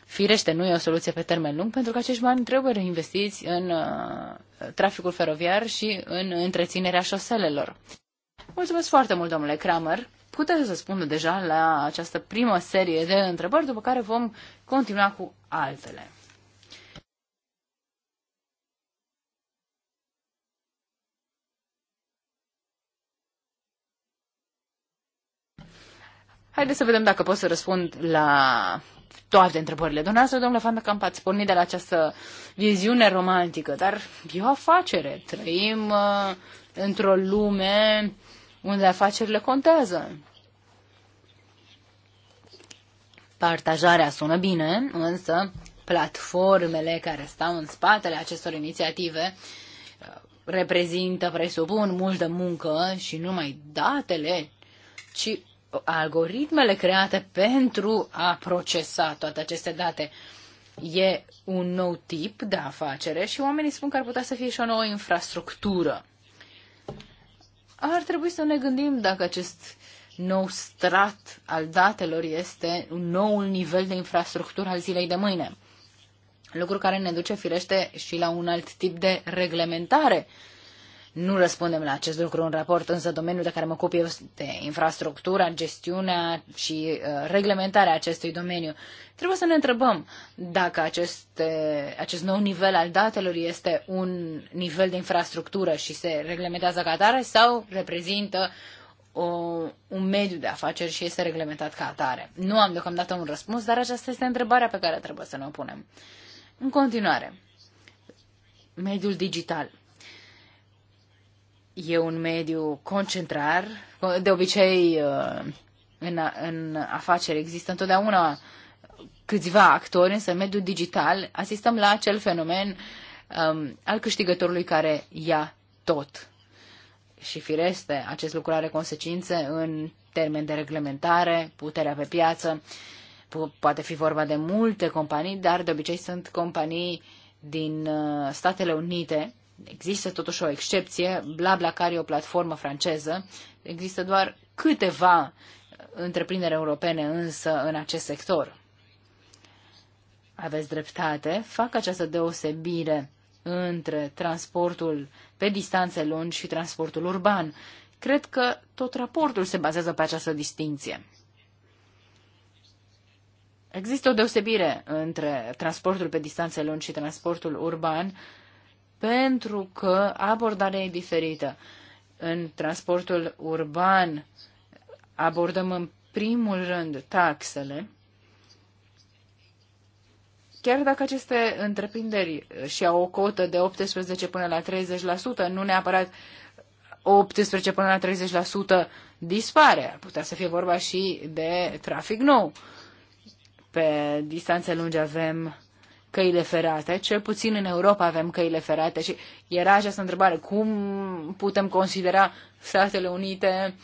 Firește, nu e o soluție pe termen lung, pentru că acești bani trebuie reinvestiți în uh, traficul feroviar și în întreținerea șoselelor. Mulțumesc foarte mult, domnule Kramer. Puteți răspunde deja la această primă serie de întrebări, după care vom continua cu altele. Haideți să vedem dacă pot să răspund la toate întrebările. Dumneavoastră, domnule Camp, ați pornit de la această viziune romantică, dar e o afacere. Trăim uh, într-o lume unde afacerile contează. Partajarea sună bine, însă platformele care stau în spatele acestor inițiative uh, reprezintă, presupun, multă muncă și nu numai datele, ci algoritmele create pentru a procesa toate aceste date. E un nou tip de afacere și oamenii spun că ar putea să fie și o nouă infrastructură. Ar trebui să ne gândim dacă acest nou strat al datelor este un nou nivel de infrastructură al zilei de mâine. Lucru care ne duce firește și la un alt tip de reglementare nu răspundem la acest lucru în raport, însă domeniul de care mă ocup eu este infrastructura, gestiunea și uh, reglementarea acestui domeniu. Trebuie să ne întrebăm dacă acest nou nivel al datelor este un nivel de infrastructură și se reglementează ca atare sau reprezintă o, un mediu de afaceri și este reglementat ca atare. Nu am deocamdată un răspuns, dar aceasta este întrebarea pe care trebuie să ne o punem. În continuare, mediul digital. E un mediu concentrar. De obicei, uh, în, în afaceri există întotdeauna câțiva actori, însă în mediul digital asistăm la acel fenomen um, al câștigătorului care ia tot. Și fireste, acest lucru are consecințe în termen de reglementare, puterea pe piață. Poate fi vorba de multe companii, dar de obicei sunt companii din uh, Statele Unite există totuși o excepție, BlaBlaCar e o platformă franceză, există doar câteva întreprinderi europene însă în acest sector. Aveți dreptate, fac această deosebire între transportul pe distanțe lungi și transportul urban. Cred că tot raportul se bazează pe această distinție. Există o deosebire între transportul pe distanțe lungi și transportul urban, pentru că abordarea e diferită. În transportul urban abordăm în primul rând taxele, chiar dacă aceste întreprinderi și au o cotă de 18 până la 30%, nu neapărat 18 până la 30% dispare. Ar putea să fie vorba și de trafic nou. Pe distanțe lungi avem căile ferate, cel puțin în Europa avem căile ferate și era această întrebare, cum putem considera Statele Unite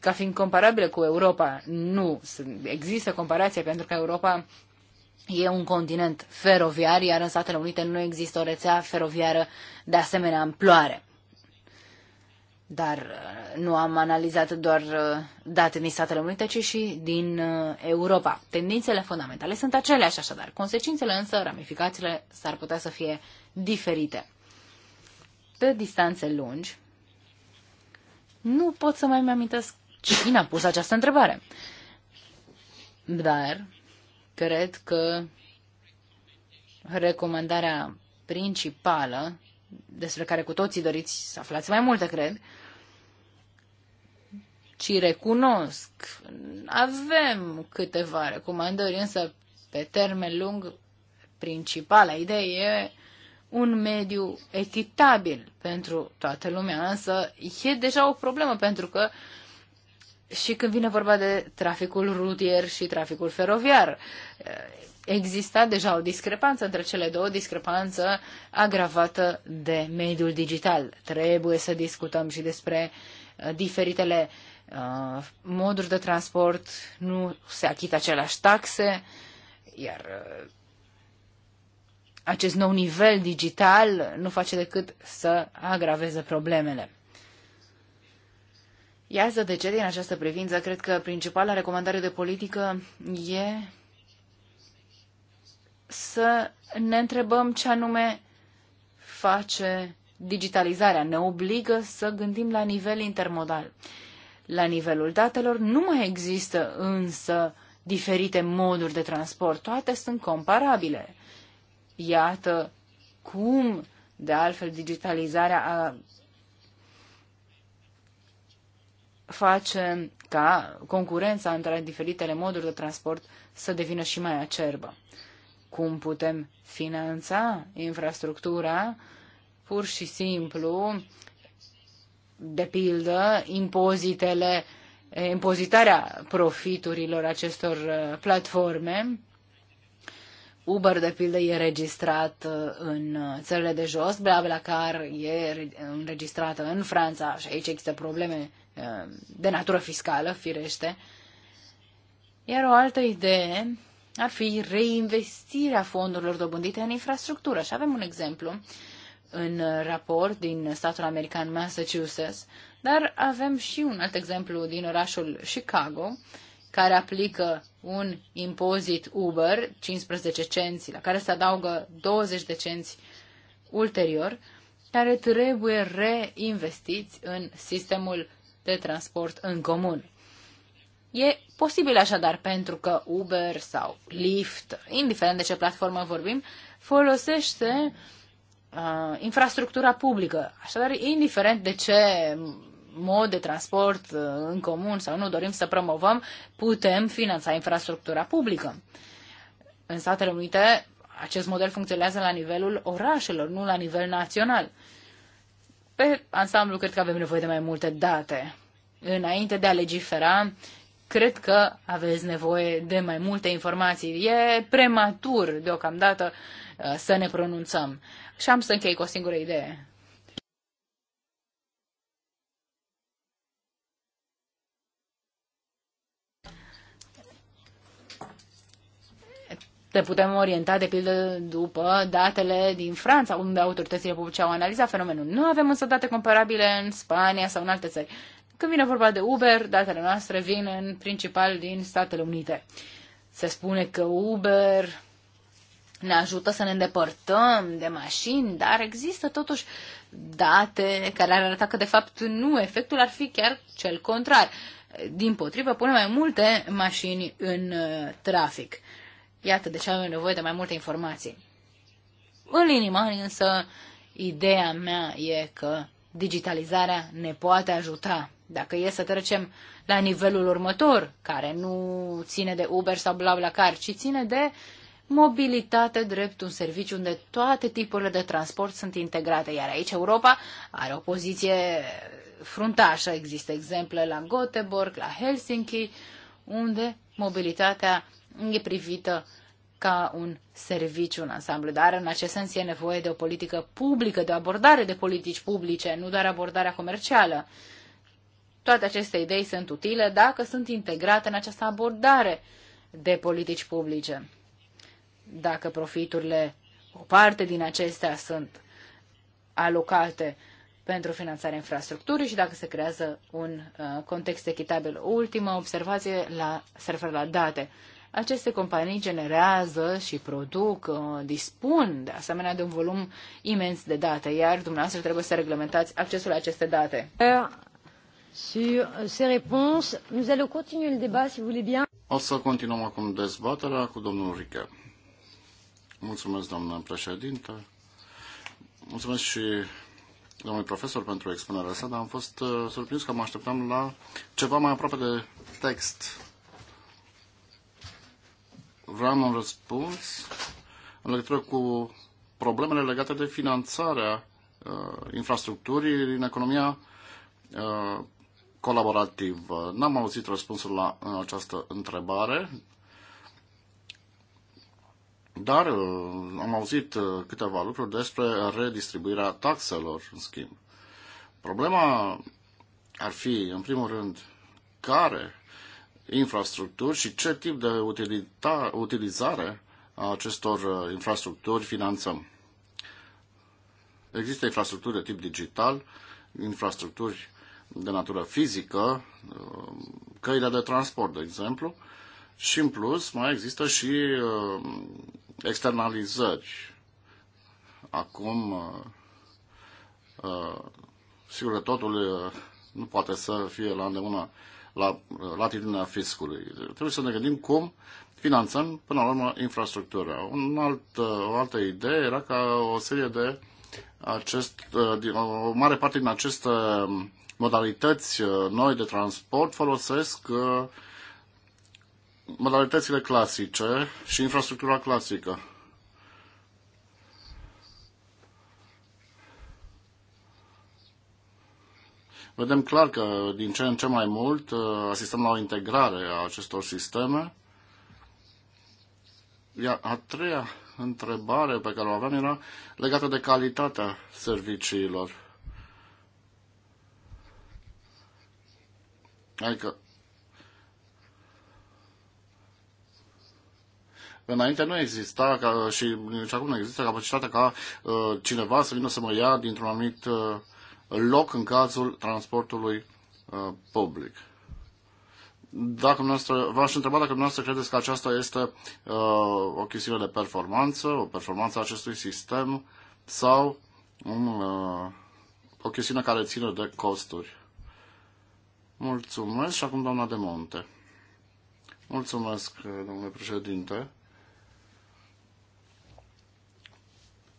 ca fiind comparabile cu Europa? Nu, există comparație pentru că Europa e un continent feroviar, iar în Statele Unite nu există o rețea feroviară de asemenea amploare. Dar uh, nu am analizat doar uh, date din Statele Unite, ci și din uh, Europa. Tendințele fundamentale sunt aceleași, așadar. Consecințele însă, ramificațiile, s-ar putea să fie diferite. Pe distanțe lungi, nu pot să mai-mi amintesc cine a pus această întrebare. Dar cred că recomandarea principală despre care cu toții doriți să aflați mai multe, cred, ci recunosc, avem câteva recomandări, însă pe termen lung, principala idee e un mediu echitabil pentru toată lumea, însă e deja o problemă pentru că și când vine vorba de traficul rutier și traficul feroviar, exista deja o discrepanță între cele două, discrepanță agravată de mediul digital. Trebuie să discutăm și despre uh, diferitele uh, moduri de transport, nu se achită aceleași taxe, iar uh, acest nou nivel digital nu face decât să agraveze problemele. Iată de ce, din această privință, cred că principala recomandare de politică e să ne întrebăm ce anume face digitalizarea. Ne obligă să gândim la nivel intermodal. La nivelul datelor nu mai există însă diferite moduri de transport. Toate sunt comparabile. Iată cum, de altfel, digitalizarea a face ca concurența între diferitele moduri de transport să devină și mai acerbă cum putem finanța infrastructura, pur și simplu, de pildă, impozitele, eh, impozitarea profiturilor acestor eh, platforme. Uber, de pildă, e registrat eh, în țările de jos, BlaBlaCar e înregistrată în Franța și aici există probleme de natură fiscală, firește. Iar o altă idee ar fi reinvestirea fondurilor dobândite în infrastructură. Și avem un exemplu în raport din statul american Massachusetts, dar avem și un alt exemplu din orașul Chicago, care aplică un impozit Uber, 15 cenți, la care se adaugă 20 de cenți ulterior, care trebuie reinvestiți în sistemul de transport în comun. E posibil așadar pentru că Uber sau Lyft, indiferent de ce platformă vorbim, folosește uh, infrastructura publică. Așadar, indiferent de ce mod de transport uh, în comun sau nu dorim să promovăm, putem finanța infrastructura publică. În Statele Unite, acest model funcționează la nivelul orașelor, nu la nivel național. Pe ansamblu, cred că avem nevoie de mai multe date înainte de a legifera cred că aveți nevoie de mai multe informații. E prematur deocamdată uh, să ne pronunțăm. Și am să închei cu o singură idee. Te putem orienta, de pildă, după datele din Franța, unde autoritățile publice au analizat fenomenul. Nu avem însă date comparabile în Spania sau în alte țări. Când vine vorba de Uber, datele noastre vin în principal din Statele Unite. Se spune că Uber ne ajută să ne îndepărtăm de mașini, dar există totuși date care ar arăta că de fapt nu, efectul ar fi chiar cel contrar. Din potrivă, pune mai multe mașini în uh, trafic. Iată de ce avem nevoie de mai multe informații. În linii mari însă, ideea mea e că digitalizarea ne poate ajuta dacă e să trecem la nivelul următor, care nu ține de Uber sau BlaBlaCar, ci ține de mobilitate drept un serviciu unde toate tipurile de transport sunt integrate. Iar aici Europa are o poziție fruntașă. Există exemple la Göteborg, la Helsinki, unde mobilitatea e privită ca un serviciu în ansamblu. Dar în acest sens e nevoie de o politică publică, de o abordare de politici publice, nu doar abordarea comercială. Toate aceste idei sunt utile dacă sunt integrate în această abordare de politici publice. Dacă profiturile, o parte din acestea sunt alocate pentru finanțarea infrastructurii și dacă se creează un uh, context echitabil. Ultima observație la, se referă la date. Aceste companii generează și produc, uh, dispun de asemenea de un volum imens de date, iar dumneavoastră trebuie să reglementați accesul la aceste date. Uh, sur euh, ces réponses. Nous allons continuer le débat, si vous voulez bien. O să continuăm acum dezbaterea cu domnul Riche. Mulțumesc, doamnă președintă. Mulțumesc și domnului profesor pentru expunerea sa, dar am fost uh, surprins că mă așteptam la ceva mai aproape de text. Vreau un răspuns în legătură cu problemele legate de finanțarea uh, infrastructurii din economia uh, colaborativ. N-am auzit răspunsul la această întrebare, dar uh, am auzit uh, câteva lucruri despre redistribuirea taxelor, în schimb. Problema ar fi, în primul rând, care infrastructuri și ce tip de utilita, utilizare a acestor uh, infrastructuri finanțăm. Există infrastructuri de tip digital, infrastructuri de natură fizică, uh, căile de transport, de exemplu, și în plus mai există și uh, externalizări. Acum, uh, sigur că totul nu poate să fie la îndemână la latitudinea fiscului. Trebuie să ne gândim cum finanțăm până la urmă infrastructura. Un alt, o altă idee era ca o serie de acest, o mare parte din aceste modalități uh, noi de transport folosesc uh, modalitățile clasice și infrastructura clasică. Vedem clar că din ce în ce mai mult uh, asistăm la o integrare a acestor sisteme. Iar a treia întrebare pe care o aveam era legată de calitatea serviciilor. că... Adică, înainte nu exista ca, și nici acum nu există capacitatea ca uh, cineva să vină să mă ia dintr-un anumit uh, loc în cazul transportului uh, public. Dacă v-aș întreba dacă dumneavoastră credeți că aceasta este uh, o chestiune de performanță, o performanță a acestui sistem sau um, uh, o chestiune care ține de costuri. Mulțumesc și acum doamna de Monte. Mulțumesc, domnule președinte.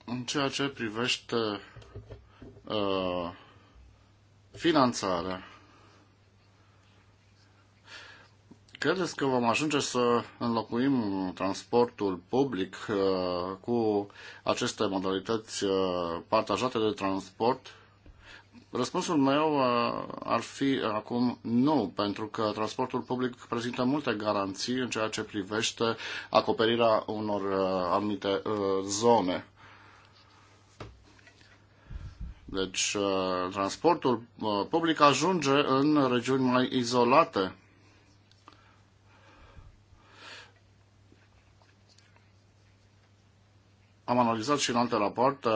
În ceea ce privește uh, finanțarea, credeți că vom ajunge să înlocuim transportul public uh, cu aceste modalități uh, partajate de transport? Răspunsul meu uh, ar fi uh, acum nu, pentru că transportul public prezintă multe garanții în ceea ce privește acoperirea unor uh, anumite zone. Deci, transportul public ajunge în regiuni mai izolate. Am analizat și în alte rapoarte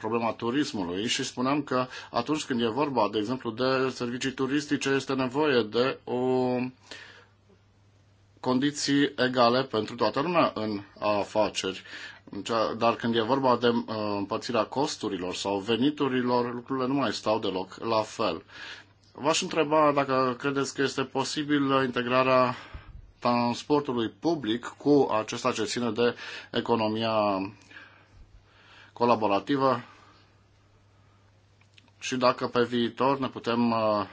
problema turismului și spuneam că atunci când e vorba, de exemplu, de servicii turistice, este nevoie de o condiții egale pentru toată lumea în afaceri. Dar când e vorba de uh, împărțirea costurilor sau veniturilor, lucrurile nu mai stau deloc la fel. V-aș întreba dacă credeți că este posibil integrarea transportului public cu acesta ce ține de economia colaborativă și dacă pe viitor ne putem uh,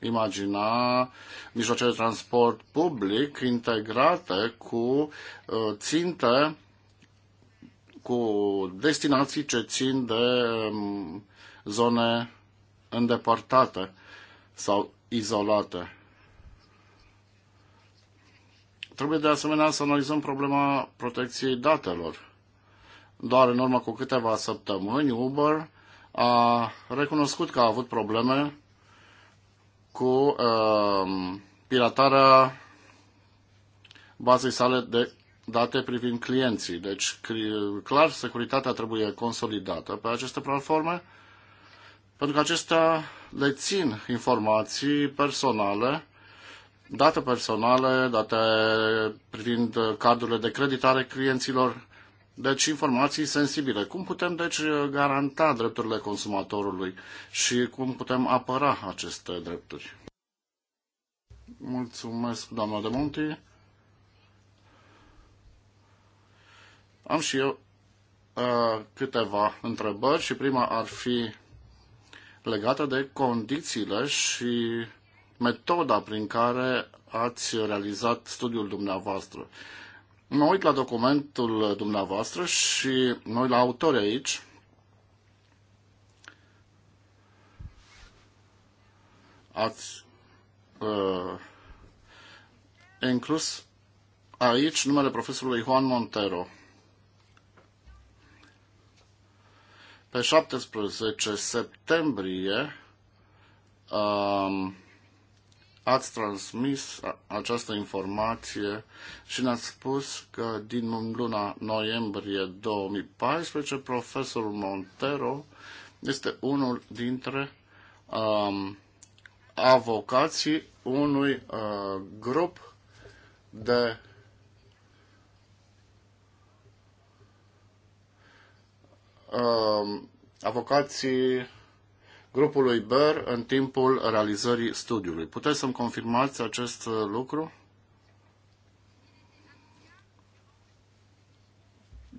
imagina mijloace de transport public integrate cu uh, ținte, cu destinații ce țin de um, zone îndepărtate sau izolate. Trebuie de asemenea să analizăm problema protecției datelor. Doar în urmă cu câteva săptămâni, Uber a recunoscut că a avut probleme cu uh, piratarea bazei sale de date privind clienții. Deci, clar, securitatea trebuie consolidată pe aceste platforme, pentru că acestea țin informații personale, date personale, date privind cardurile de creditare clienților, deci informații sensibile. Cum putem deci garanta drepturile consumatorului și cum putem apăra aceste drepturi? Mulțumesc, doamna de Monti. Am și eu uh, câteva întrebări și prima ar fi legată de condițiile și metoda prin care ați realizat studiul dumneavoastră. Uh, mă uit la documentul dumneavoastră și mă uit la autori aici. Ați uh, inclus aici numele profesorului Juan Montero. Pe 17 septembrie um, ați transmis această informație și ne-ați spus că din luna noiembrie 2014 profesorul Montero este unul dintre um, avocații unui uh, grup de um, avocații grupului BER în timpul realizării studiului. Puteți să-mi confirmați acest uh, lucru?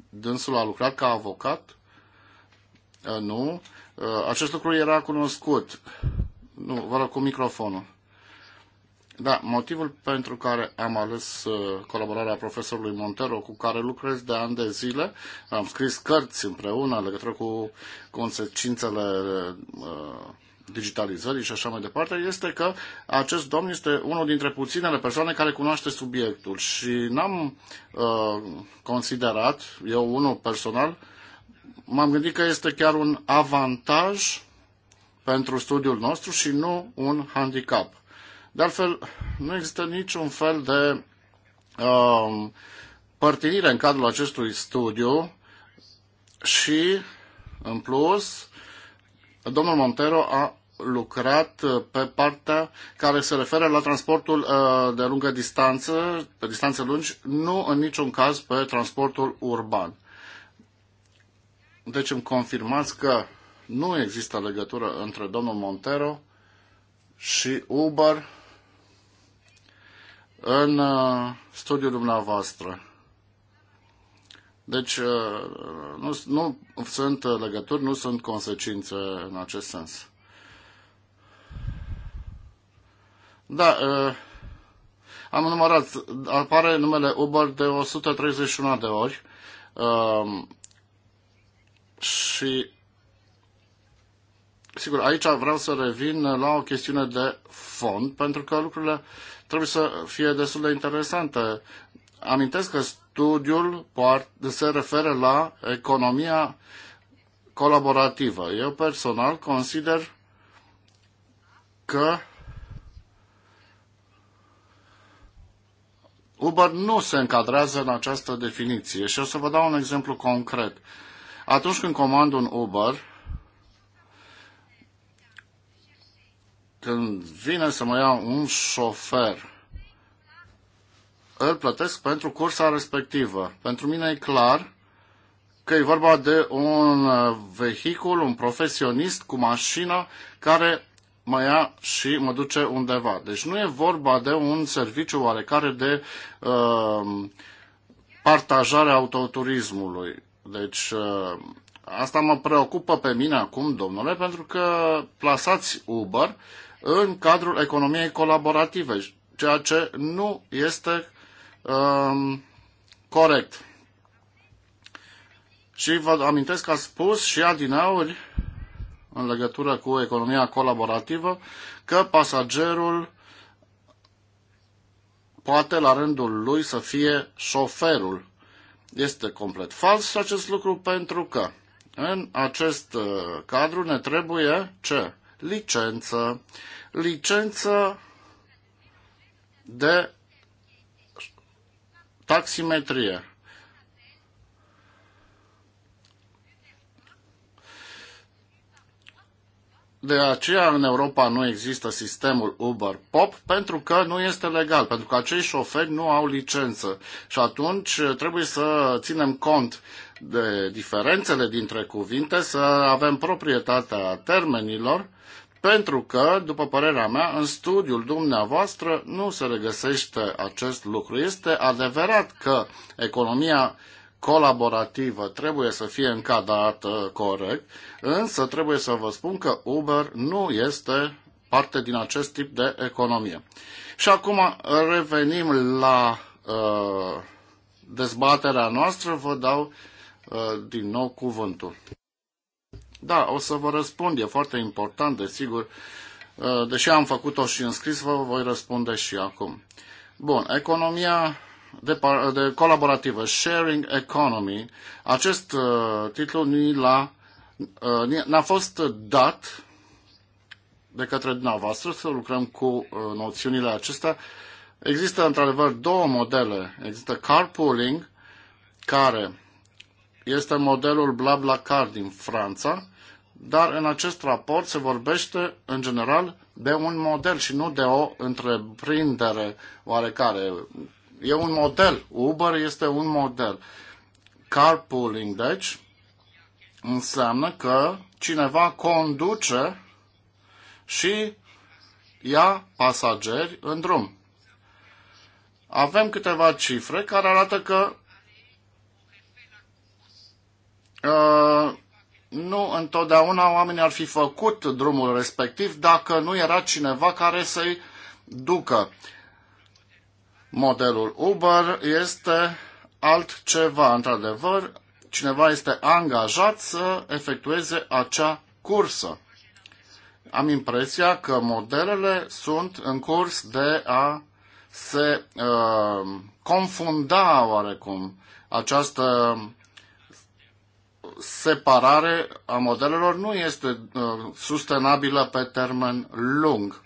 Dânsul a lucrat ca avocat? Uh, nu. Uh, acest lucru era cunoscut. Nu, vă rog cu microfonul. Da, motivul pentru care am ales uh, colaborarea profesorului Montero, cu care lucrez de ani de zile, am scris cărți împreună legătură cu consecințele uh, digitalizării și așa mai departe, este că acest domn este unul dintre puținele persoane care cunoaște subiectul și n-am uh, considerat, eu unul personal, m-am gândit că este chiar un avantaj pentru studiul nostru și nu un handicap. De altfel, nu există niciun fel de uh, părtinire în cadrul acestui studiu și, în plus, domnul Montero a lucrat pe partea care se referă la transportul uh, de lungă distanță, pe distanțe lungi, nu în niciun caz pe transportul urban. Deci îmi confirmați că nu există legătură între domnul Montero și Uber în uh, studiul dumneavoastră. Deci, uh, nu, nu sunt uh, legături, nu sunt consecințe în acest sens. Da, am numărat, apare numele Uber de 131 de ori um, și sigur, aici vreau să revin la o chestiune de fond, pentru că lucrurile uh, trebuie să fie destul de interesantă. Amintesc că studiul se referă la economia colaborativă. Eu personal consider că Uber nu se încadrează în această definiție și o să vă dau un exemplu concret. Atunci când comand un Uber, când vine să mă ia un șofer, îl plătesc pentru cursa respectivă. Pentru mine e clar că e vorba de un vehicul, un profesionist cu mașină care mă ia și mă duce undeva. Deci nu e vorba de un serviciu oarecare de uh, partajare a autoturismului. Deci uh, asta mă preocupă pe mine acum, domnule, pentru că plasați Uber în cadrul economiei colaborative, ceea ce nu este um, corect. Și vă amintesc că a spus și Adinauri în legătură cu economia colaborativă că pasagerul poate la rândul lui să fie șoferul. Este complet fals acest lucru pentru că în acest uh, cadru ne trebuie ce? licență. Licență de taximetrie. De aceea în Europa nu există sistemul Uber Pop pentru că nu este legal, pentru că acei șoferi nu au licență. Și atunci trebuie să ținem cont de diferențele dintre cuvinte, să avem proprietatea termenilor pentru că, după părerea mea, în studiul dumneavoastră nu se regăsește acest lucru. Este adevărat că economia colaborativă trebuie să fie încadrată corect, însă trebuie să vă spun că Uber nu este parte din acest tip de economie. Și acum revenim la uh, dezbaterea noastră, vă dau uh, din nou cuvântul. Da, o să vă răspund, e foarte important, desigur. Uh, deși am făcut-o și în scris, vă voi răspunde și acum. Bun, economia de, de colaborativă, Sharing Economy, acest uh, titlu ni l-a, uh, a fost dat de către dumneavoastră să lucrăm cu uh, noțiunile acestea. Există într-adevăr două modele. Există carpooling, care este modelul BlaBlaCar din Franța, dar în acest raport se vorbește, în general, de un model și nu de o întreprindere oarecare. E un model. Uber este un model. Carpooling, deci, înseamnă că cineva conduce și ia pasageri în drum. Avem câteva cifre care arată că uh, nu întotdeauna oamenii ar fi făcut drumul respectiv dacă nu era cineva care să-i ducă. Modelul Uber este altceva, într-adevăr, cineva este angajat să efectueze acea cursă. Am impresia că modelele sunt în curs de a se uh, confunda oarecum această separare a modelelor nu este uh, sustenabilă pe termen lung.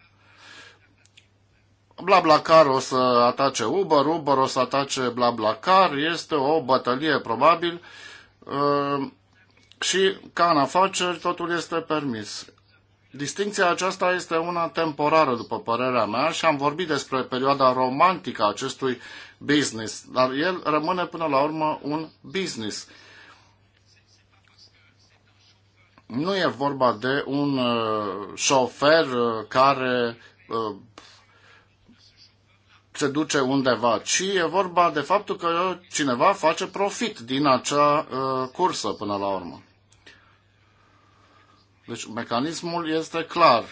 BlaBlaCar o să atace Uber, Uber o să atace BlaBlaCar, este o bătălie probabil uh, și ca în afaceri totul este permis. Distinția aceasta este una temporară, după părerea mea, și am vorbit despre perioada romantică a acestui business, dar el rămâne până la urmă un business nu e vorba de un uh, șofer uh, care uh, se duce undeva, ci e vorba de faptul că cineva face profit din acea cursă până la urmă. Deci mecanismul este clar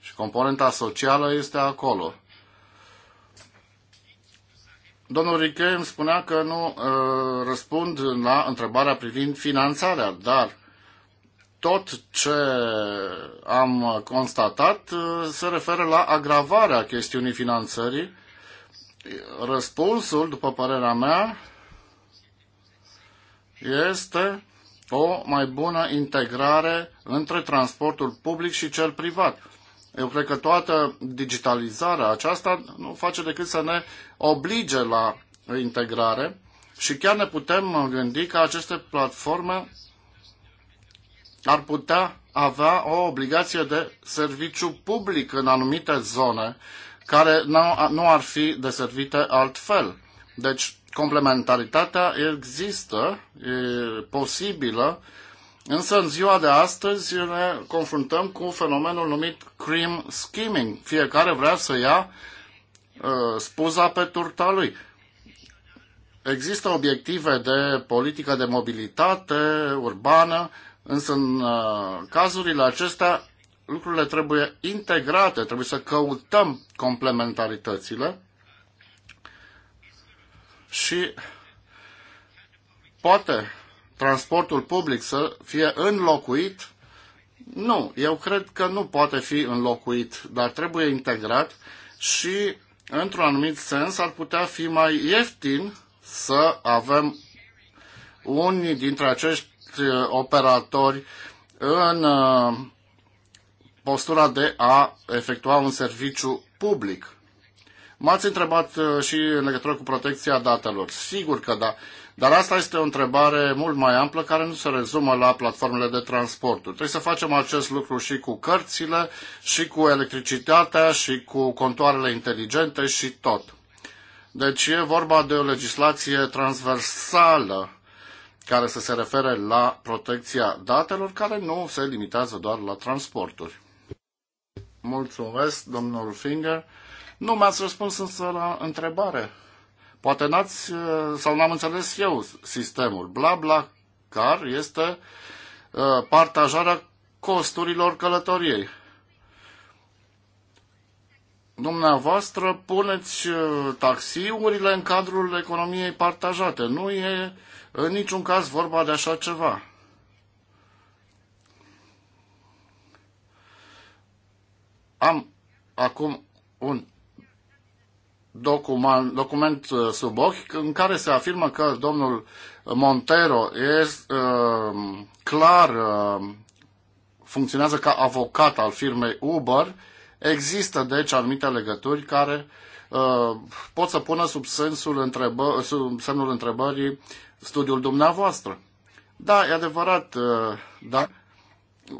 și componenta socială este acolo. Domnul Riche îmi spunea că nu uh, răspund la întrebarea privind finanțarea, dar uh, tot ce am constatat uh, se referă la agravarea chestiunii finanțării. Răspunsul, după părerea mea, este o mai bună integrare între transportul public și cel privat. Eu cred că toată digitalizarea aceasta nu face decât să ne oblige la integrare și chiar ne putem gândi că aceste platforme ar putea avea o obligație de serviciu public în anumite zone care nu ar fi deservite altfel. Deci, complementaritatea există, e posibilă, însă în ziua de astăzi ne confruntăm cu fenomenul numit cream skimming. Fiecare vrea să ia uh, spuza pe turta lui. Există obiective de politică de mobilitate urbană Însă în uh, cazurile acestea lucrurile trebuie integrate, trebuie să căutăm complementaritățile și poate transportul public să fie înlocuit? Nu, eu cred că nu poate fi înlocuit, dar trebuie integrat și, într-un anumit sens, ar putea fi mai ieftin să avem unii dintre acești Uh, operatori în uh, postura de a efectua un serviciu public. M-ați întrebat uh, și în legătură cu protecția datelor. Sigur că da, dar asta este o întrebare mult mai amplă care nu se rezumă la platformele de transporturi. Trebuie să facem acest lucru și cu cărțile, și cu electricitatea, și cu contoarele inteligente și tot. Deci e vorba de o legislație transversală care să se refere la protecția datelor, care nu se limitează doar la transporturi. Mulțumesc, domnul Finger. Nu mi-ați răspuns însă la întrebare. Poate n-ați, eh, sau n-am înțeles eu sistemul. Bla bla car este eh, partajarea costurilor călătoriei. Dumneavoastră puneți eh, taxiurile în cadrul economiei partajate. Nu e uh, în niciun caz vorba de așa ceva. Am acum un document, document uh, sub ochi în care se afirmă că domnul Montero este uh, clar uh, funcționează ca avocat al firmei Uber. Există deci anumite legături care Uh, pot să pună sub, sensul întrebă, sub semnul întrebării studiul dumneavoastră. Da, e adevărat, uh, da.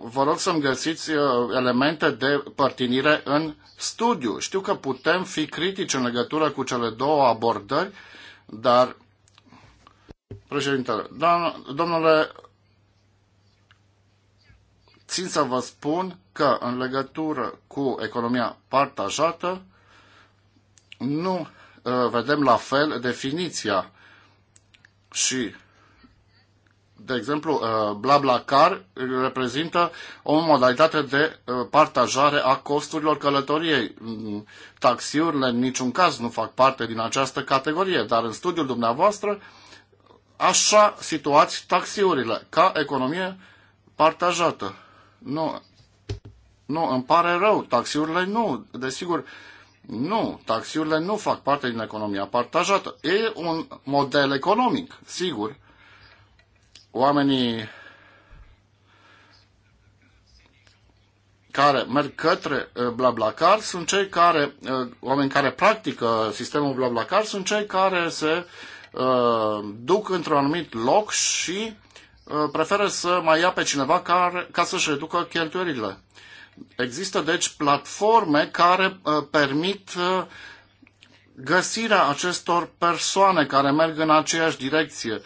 Vă rog să-mi găsiți uh, elemente de părtinire în studiu. Știu că putem fi critici în legătură cu cele două abordări, dar, președintele, da, domnule, țin să vă spun că în legătură cu economia partajată, nu uh, vedem la fel definiția și de exemplu, uh, BlaBlaCar reprezintă o modalitate de uh, partajare a costurilor călătoriei. Mm, taxiurile în niciun caz nu fac parte din această categorie, dar în studiul dumneavoastră așa situați taxiurile, ca economie partajată. Nu, nu, îmi pare rău, taxiurile nu, desigur, nu, taxiurile nu fac parte din economia partajată. E un model economic, sigur. Oamenii care merg către eh, BlaBlaCar sunt cei care, eh, oameni care practică sistemul BlaBlaCar sunt cei care se eh, duc într-un anumit loc și preferă să mai ia pe cineva care, ca să-și reducă cheltuielile. Există deci platforme care uh, permit uh, găsirea acestor persoane care merg în aceeași direcție.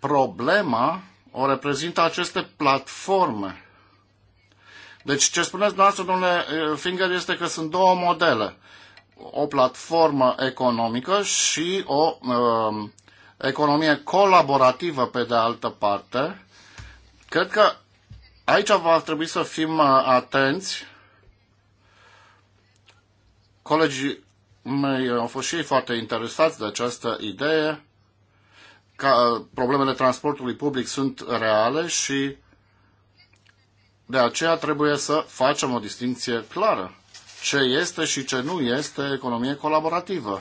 Problema o reprezintă aceste platforme. Deci ce spuneți dumneavoastră, domnule uh, Finger, este că sunt două modele. O platformă economică și o uh, economie colaborativă pe de altă parte. Cred că Aici va trebui să fim uh, atenți. Colegii mei au fost și ei foarte interesați de această idee că uh, problemele transportului public sunt reale și de aceea trebuie să facem o distinție clară. Ce este și ce nu este economie colaborativă.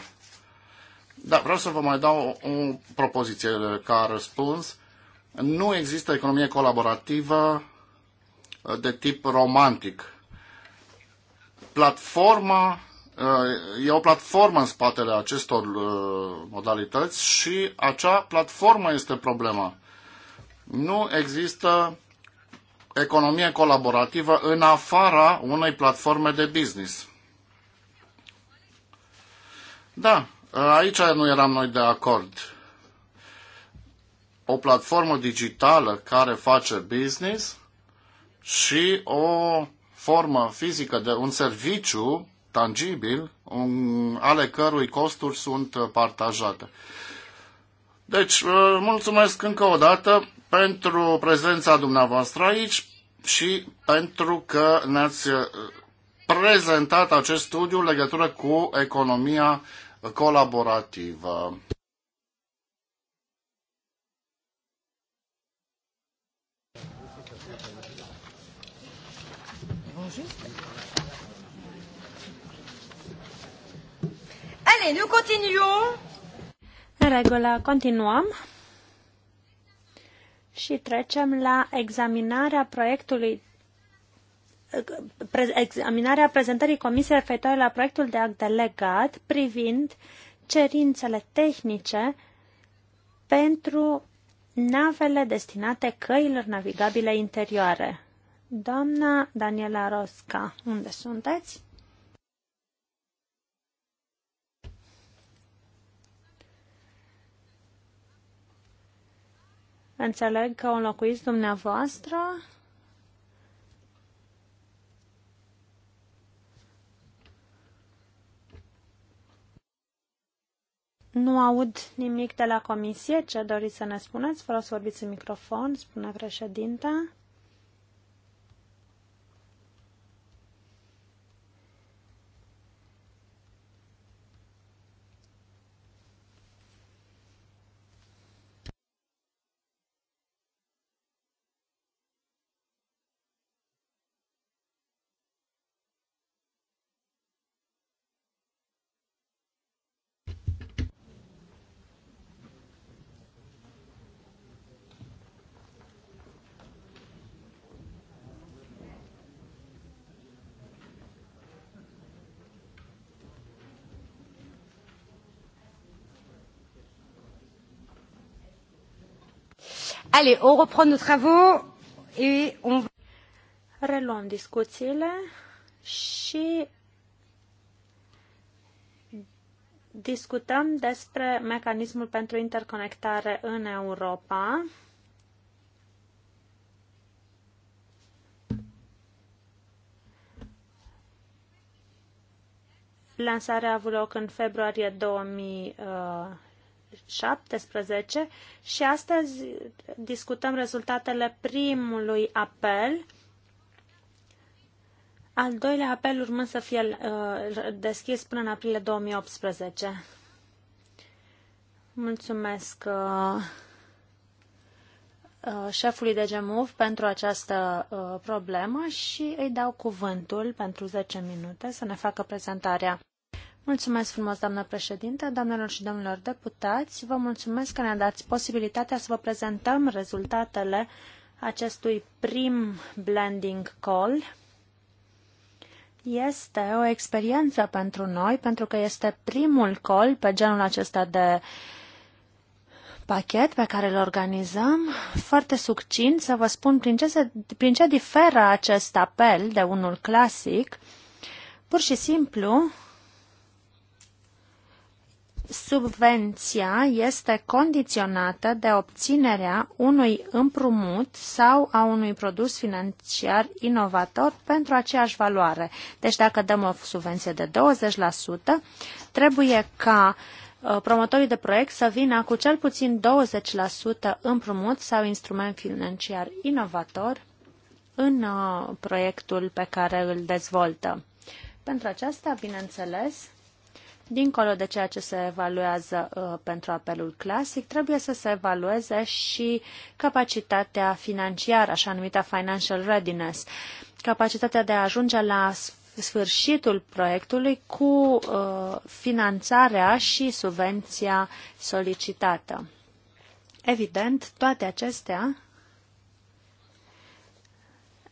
Da, vreau să vă mai dau o, o propoziție ca răspuns. Nu există economie colaborativă de tip romantic. Platforma e o platformă în spatele acestor uh, modalități și acea platformă este problema. Nu există economie colaborativă în afara unei platforme de business. Da, aici nu eram noi de acord. O platformă digitală care face business și o formă fizică de un serviciu tangibil un, ale cărui costuri sunt partajate. Deci, uh, mulțumesc încă o dată pentru prezența dumneavoastră aici și pentru că ne-ați uh, prezentat acest studiu în legătură cu economia colaborativă. Allez, nous continuons. Regula, continuăm și trecem la examinarea proiectului examinarea prezentării Comisiei referitoare la proiectul de act delegat privind cerințele tehnice pentru navele destinate căilor navigabile interioare. Doamna Daniela Rosca, unde sunteți? Înțeleg că o înlocuiți dumneavoastră. Nu aud nimic de la comisie. Ce doriți să ne spuneți? Vreau să vorbiți în microfon, spune președinta. Allez, on reprend nos travaux et on... Reluăm discuțiile și discutăm despre mecanismul pentru interconectare în Europa. Lansarea a avut loc în februarie 2000. Uh, 2017 și astăzi discutăm rezultatele primului apel, al doilea apel urmând să fie uh, deschis până în aprilie 2018. Mulțumesc uh, uh, șefului de GEMUV pentru această uh, problemă și îi dau cuvântul pentru 10 minute să ne facă prezentarea. Mulțumesc frumos, doamnă președinte, doamnelor și domnilor deputați. Vă mulțumesc că ne dați posibilitatea să vă prezentăm rezultatele acestui prim blending call. Este o experiență pentru noi, pentru că este primul call pe genul acesta de pachet pe care îl organizăm. Foarte succint să vă spun prin ce, se, prin ce diferă acest apel de unul clasic. Pur și simplu, subvenția este condiționată de obținerea unui împrumut sau a unui produs financiar inovator pentru aceeași valoare. Deci dacă dăm o subvenție de 20%, trebuie ca uh, promotorii de proiect să vină cu cel puțin 20% împrumut sau instrument financiar inovator în uh, proiectul pe care îl dezvoltă. Pentru aceasta, bineînțeles, dincolo de ceea ce se evaluează uh, pentru apelul clasic, trebuie să se evalueze și capacitatea financiară, așa numita financial readiness, capacitatea de a ajunge la sfârșitul proiectului cu uh, finanțarea și subvenția solicitată. Evident, toate acestea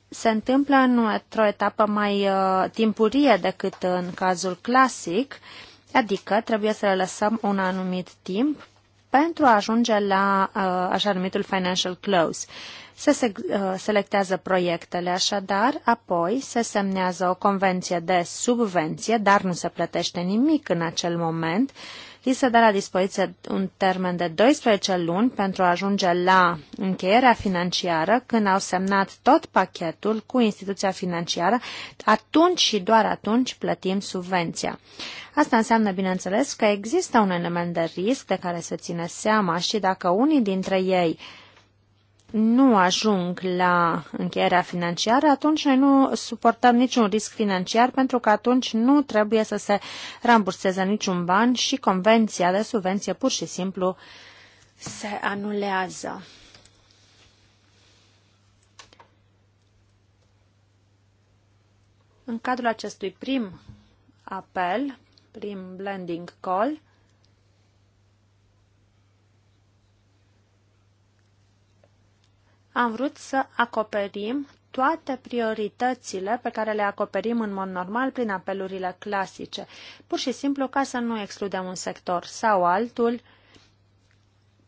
se întâmplă într-o etapă mai uh, timpurie decât în cazul clasic, uh, Adică trebuie să le lăsăm un anumit timp pentru a ajunge la uh, așa numitul financial close. Se, uh, selectează proiectele așadar, apoi se semnează o convenție de subvenție, dar nu se plătește nimic în acel moment. Uh, li se dă la dispoziție un termen de 12 luni pentru a ajunge la încheierea financiară, când au semnat tot pachetul cu instituția financiară, atunci și doar atunci plătim subvenția. Asta înseamnă, bineînțeles, că există un element de risc de care se ține seama și dacă unii dintre ei uh, nu ajung la încheierea financiară, atunci noi nu suportăm niciun risc financiar pentru că atunci nu trebuie să se ramburseze niciun ban și convenția de subvenție pur și simplu se anulează. În cadrul acestui prim apel, prim blending call, am vrut să acoperim toate prioritățile pe care le acoperim în mod normal prin apelurile clasice, pur și simplu ca să nu excludem un sector sau altul,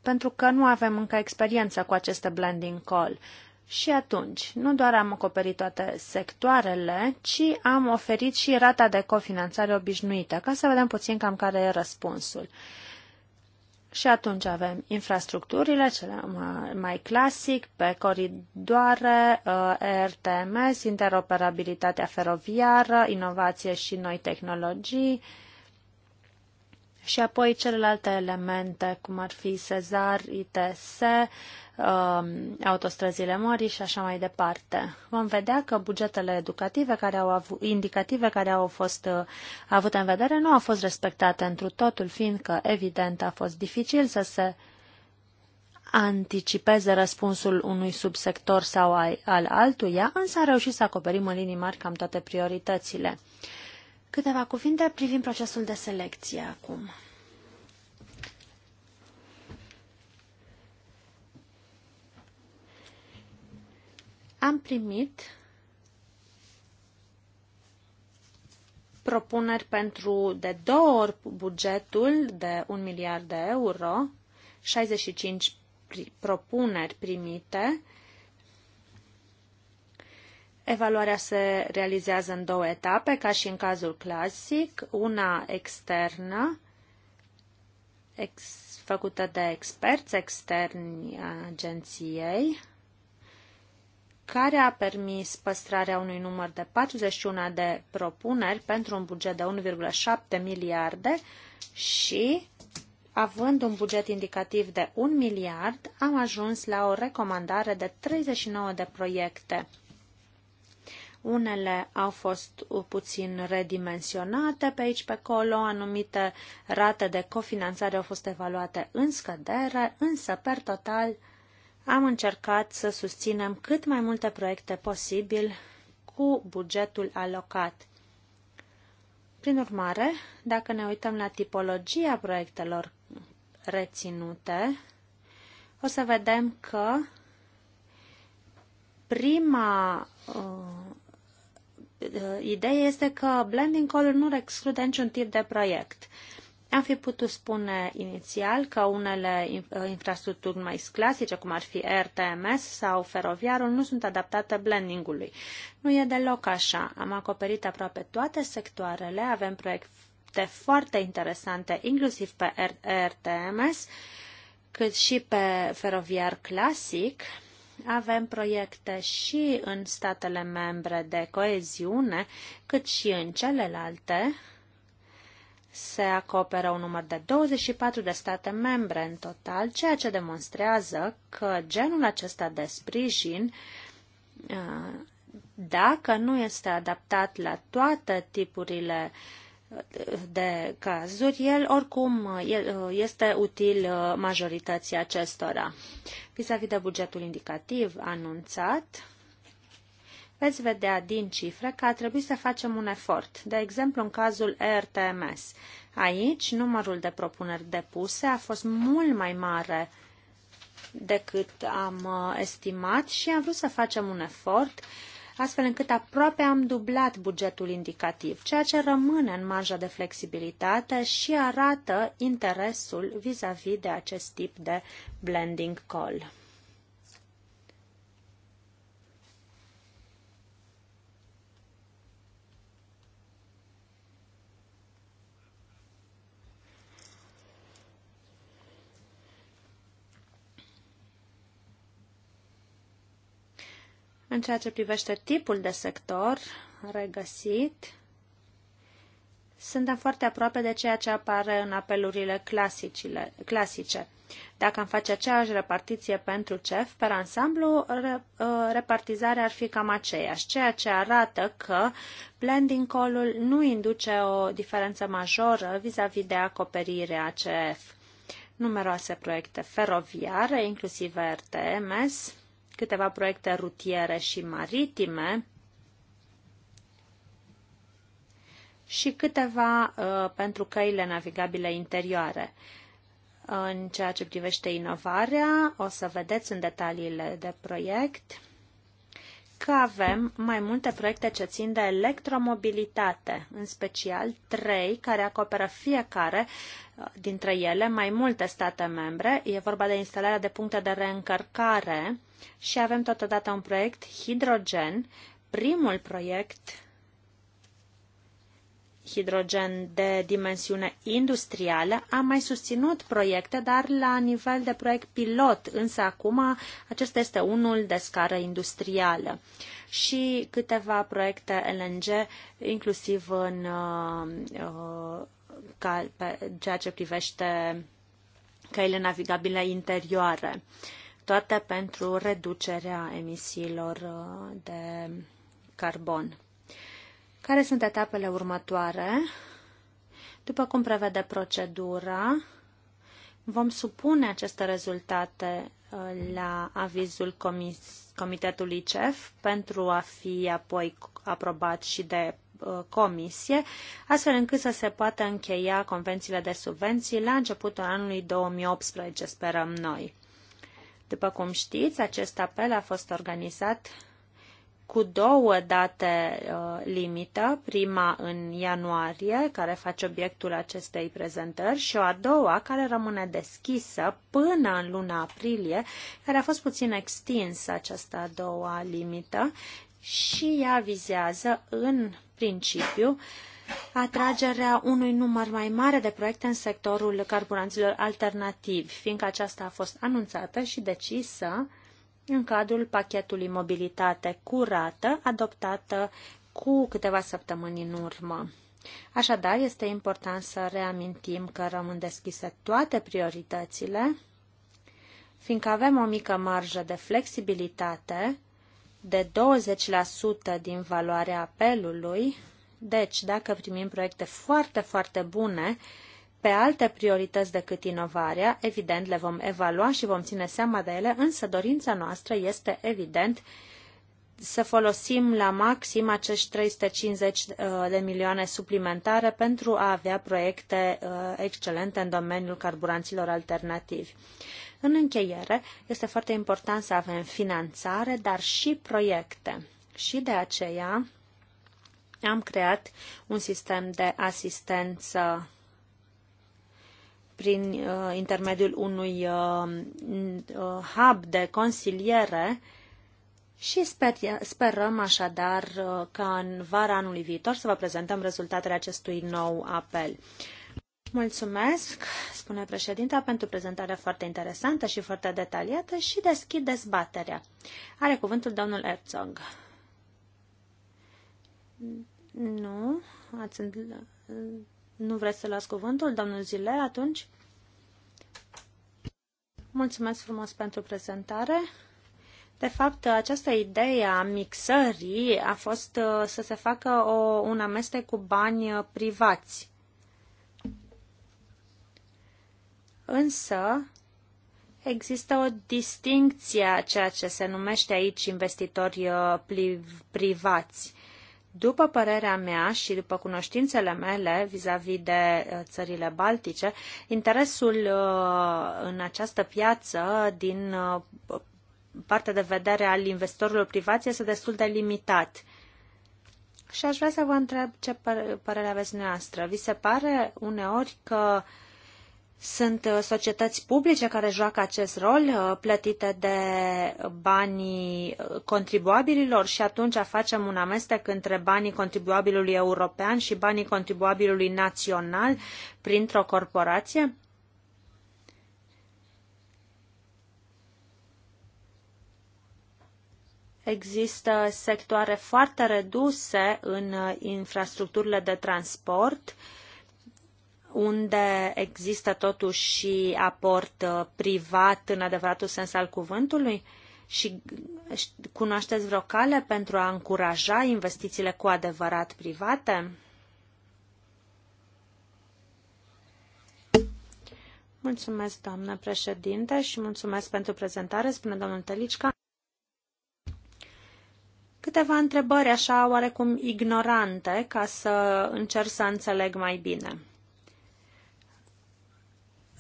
pentru că nu avem încă experiență cu aceste blending call. Și atunci, nu doar am acoperit toate sectoarele, ci am oferit și rata de cofinanțare obișnuită, ca să vedem puțin cam care e răspunsul. Și atunci avem infrastructurile, cele mai clasic, pe coridoare, uh, RTMS, interoperabilitatea feroviară, inovație și noi tehnologii, și apoi celelalte elemente, cum ar fi Sezar, ITS, um, autostrăzile mării și așa mai departe. Vom vedea că bugetele educative care au avut, indicative care au fost uh, avute în vedere nu au fost respectate întru totul, fiindcă, evident, a fost dificil să se anticipeze răspunsul unui subsector sau al altuia, însă a reușit să acoperim în linii mari cam toate prioritățile. Câteva cuvinte privind procesul de selecție acum. Am primit propuneri pentru de două ori bugetul de un miliard de euro, 65 propuneri primite, Evaluarea se realizează în două etape, ca și în cazul clasic, una externă, ex, făcută de experți externi agenției, care a permis păstrarea unui număr de 41 de propuneri pentru un buget de 1,7 miliarde și, având un buget indicativ de 1 miliard, am ajuns la o recomandare de 39 de proiecte unele au fost puțin redimensionate pe aici, pe acolo, anumite rate de cofinanțare au fost evaluate în scădere, însă, per total, am încercat să susținem cât mai multe proiecte posibil cu bugetul alocat. Prin urmare, dacă ne uităm la tipologia proiectelor reținute, o să vedem că prima uh, Eh, idee este că blending color nu exclude niciun tip de proiect. Am fi putut spune inițial că unele eh, infrastructuri mai clasice, cum ar fi RTMS sau feroviarul, nu sunt adaptate blendingului. Nu e deloc așa. Am acoperit aproape toate sectoarele, avem proiecte foarte interesante, inclusiv pe RTMS, cât și pe feroviar clasic avem proiecte și în statele membre de coeziune, cât și în celelalte. Se acoperă un număr de 24 de state membre în total, ceea ce demonstrează că genul acesta de sprijin uh, dacă nu este adaptat la toate tipurile uh, de cazuri, el oricum el, este util uh, majorității acestora. Vis-a-vis de bugetul indicativ anunțat, veți vedea din cifre că a trebuit să facem un efort, de exemplu în cazul RTMS, Aici, numărul de propuneri depuse a fost mult mai mare decât am uh, estimat și am vrut să facem un efort uh, astfel încât aproape am dublat bugetul indicativ, ceea ce rămâne în marja de flexibilitate și arată interesul vis-a-vis -vis de acest tip de blending call. În ceea ce privește tipul de sector regăsit, suntem foarte aproape de ceea ce apare în apelurile clasice. Dacă am face aceeași repartiție pentru CEF, per ansamblu, uh, repartizarea ar fi cam aceeași, ceea ce arată că blending call-ul nu induce o diferență majoră vis-a-vis -vis de acoperirea CEF. Numeroase proiecte feroviare, inclusiv RTMS, câteva proiecte rutiere și maritime și câteva uh, pentru căile navigabile interioare. În ceea ce privește inovarea, o să vedeți în detaliile de proiect că avem mai multe proiecte ce țin de electromobilitate, în special trei care acoperă fiecare uh, dintre ele mai multe state membre. E vorba de instalarea de puncte de reîncărcare și avem totodată un proiect hidrogen, primul proiect hidrogen de dimensiune industrială. Am mai susținut proiecte, dar la nivel de proiect pilot, însă acum acesta este unul de scară industrială și câteva proiecte LNG, inclusiv în uh, uh, pe ceea ce privește căile navigabile interioare, toate pentru reducerea emisiilor uh, de carbon. Care sunt etapele următoare? După cum prevede procedura, vom supune aceste rezultate uh, la avizul comis, Comitetului CEF pentru a fi apoi aprobat și de uh, comisie, astfel încât să se poată încheia convențiile de subvenții la începutul anului 2018, sperăm noi. După cum știți, acest apel a fost organizat cu două date uh, limită, prima în ianuarie, care face obiectul acestei prezentări, și o a doua, care rămâne deschisă până în luna aprilie, care a fost puțin extinsă această a doua limită și ea vizează, în principiu, atragerea unui număr mai mare de proiecte în sectorul carburanților alternativi, fiindcă aceasta a fost anunțată și decisă în cadrul pachetului mobilitate curată adoptată cu câteva săptămâni în urmă. Așadar, este important să reamintim că rămân deschise toate prioritățile, fiindcă avem o mică marjă de flexibilitate de 20% din valoarea apelului, deci dacă primim proiecte foarte, foarte bune, pe alte priorități decât inovarea, evident le vom evalua și vom ține seama de ele, însă dorința noastră este evident să folosim la maxim acești 350 uh, de milioane suplimentare pentru a avea proiecte uh, excelente în domeniul carburanților alternativi. În încheiere, este foarte important să avem finanțare, dar și proiecte. Și de aceea am creat un sistem de asistență prin uh, intermediul unui uh, uh hub de consiliere și sper, sperăm așadar uh, ca în vara anului viitor să vă prezentăm rezultatele acestui nou apel. Mulțumesc, spune președinta, pentru prezentarea foarte interesantă și foarte detaliată și deschid dezbaterea. Are cuvântul domnul Herzog. Nu, ați nu vreți să las cuvântul, domnul Zile, atunci? Mulțumesc frumos pentru prezentare. De fapt, această idee a mixării a fost uh, să se facă o, un amestec cu bani uh, privați. Însă, există o distincție a ceea ce se numește aici investitori uh, privați. După părerea mea și după cunoștințele mele vis-a-vis -vis de uh, țările baltice, interesul uh, în această piață din uh, partea de vedere al investitorilor privați este destul de limitat. Și aș vrea să vă întreb ce părere aveți noastră. Vi se pare uneori că uh, sunt uh, societăți publice care joacă acest rol, uh, plătite de banii uh, contribuabililor și atunci facem un amestec între banii contribuabilului european și banii contribuabilului național printr-o corporație? Există sectoare foarte reduse în infrastructurile de transport uh, unde există totuși și aport uh, privat în adevăratul sens al cuvântului? Și cunoașteți vreo cale pentru a încuraja investițiile cu adevărat private? Mulțumesc, doamnă președinte, și mulțumesc pentru prezentare, spune domnul Telicica. Câteva întrebări așa oarecum ignorante ca să încerc să înțeleg mai bine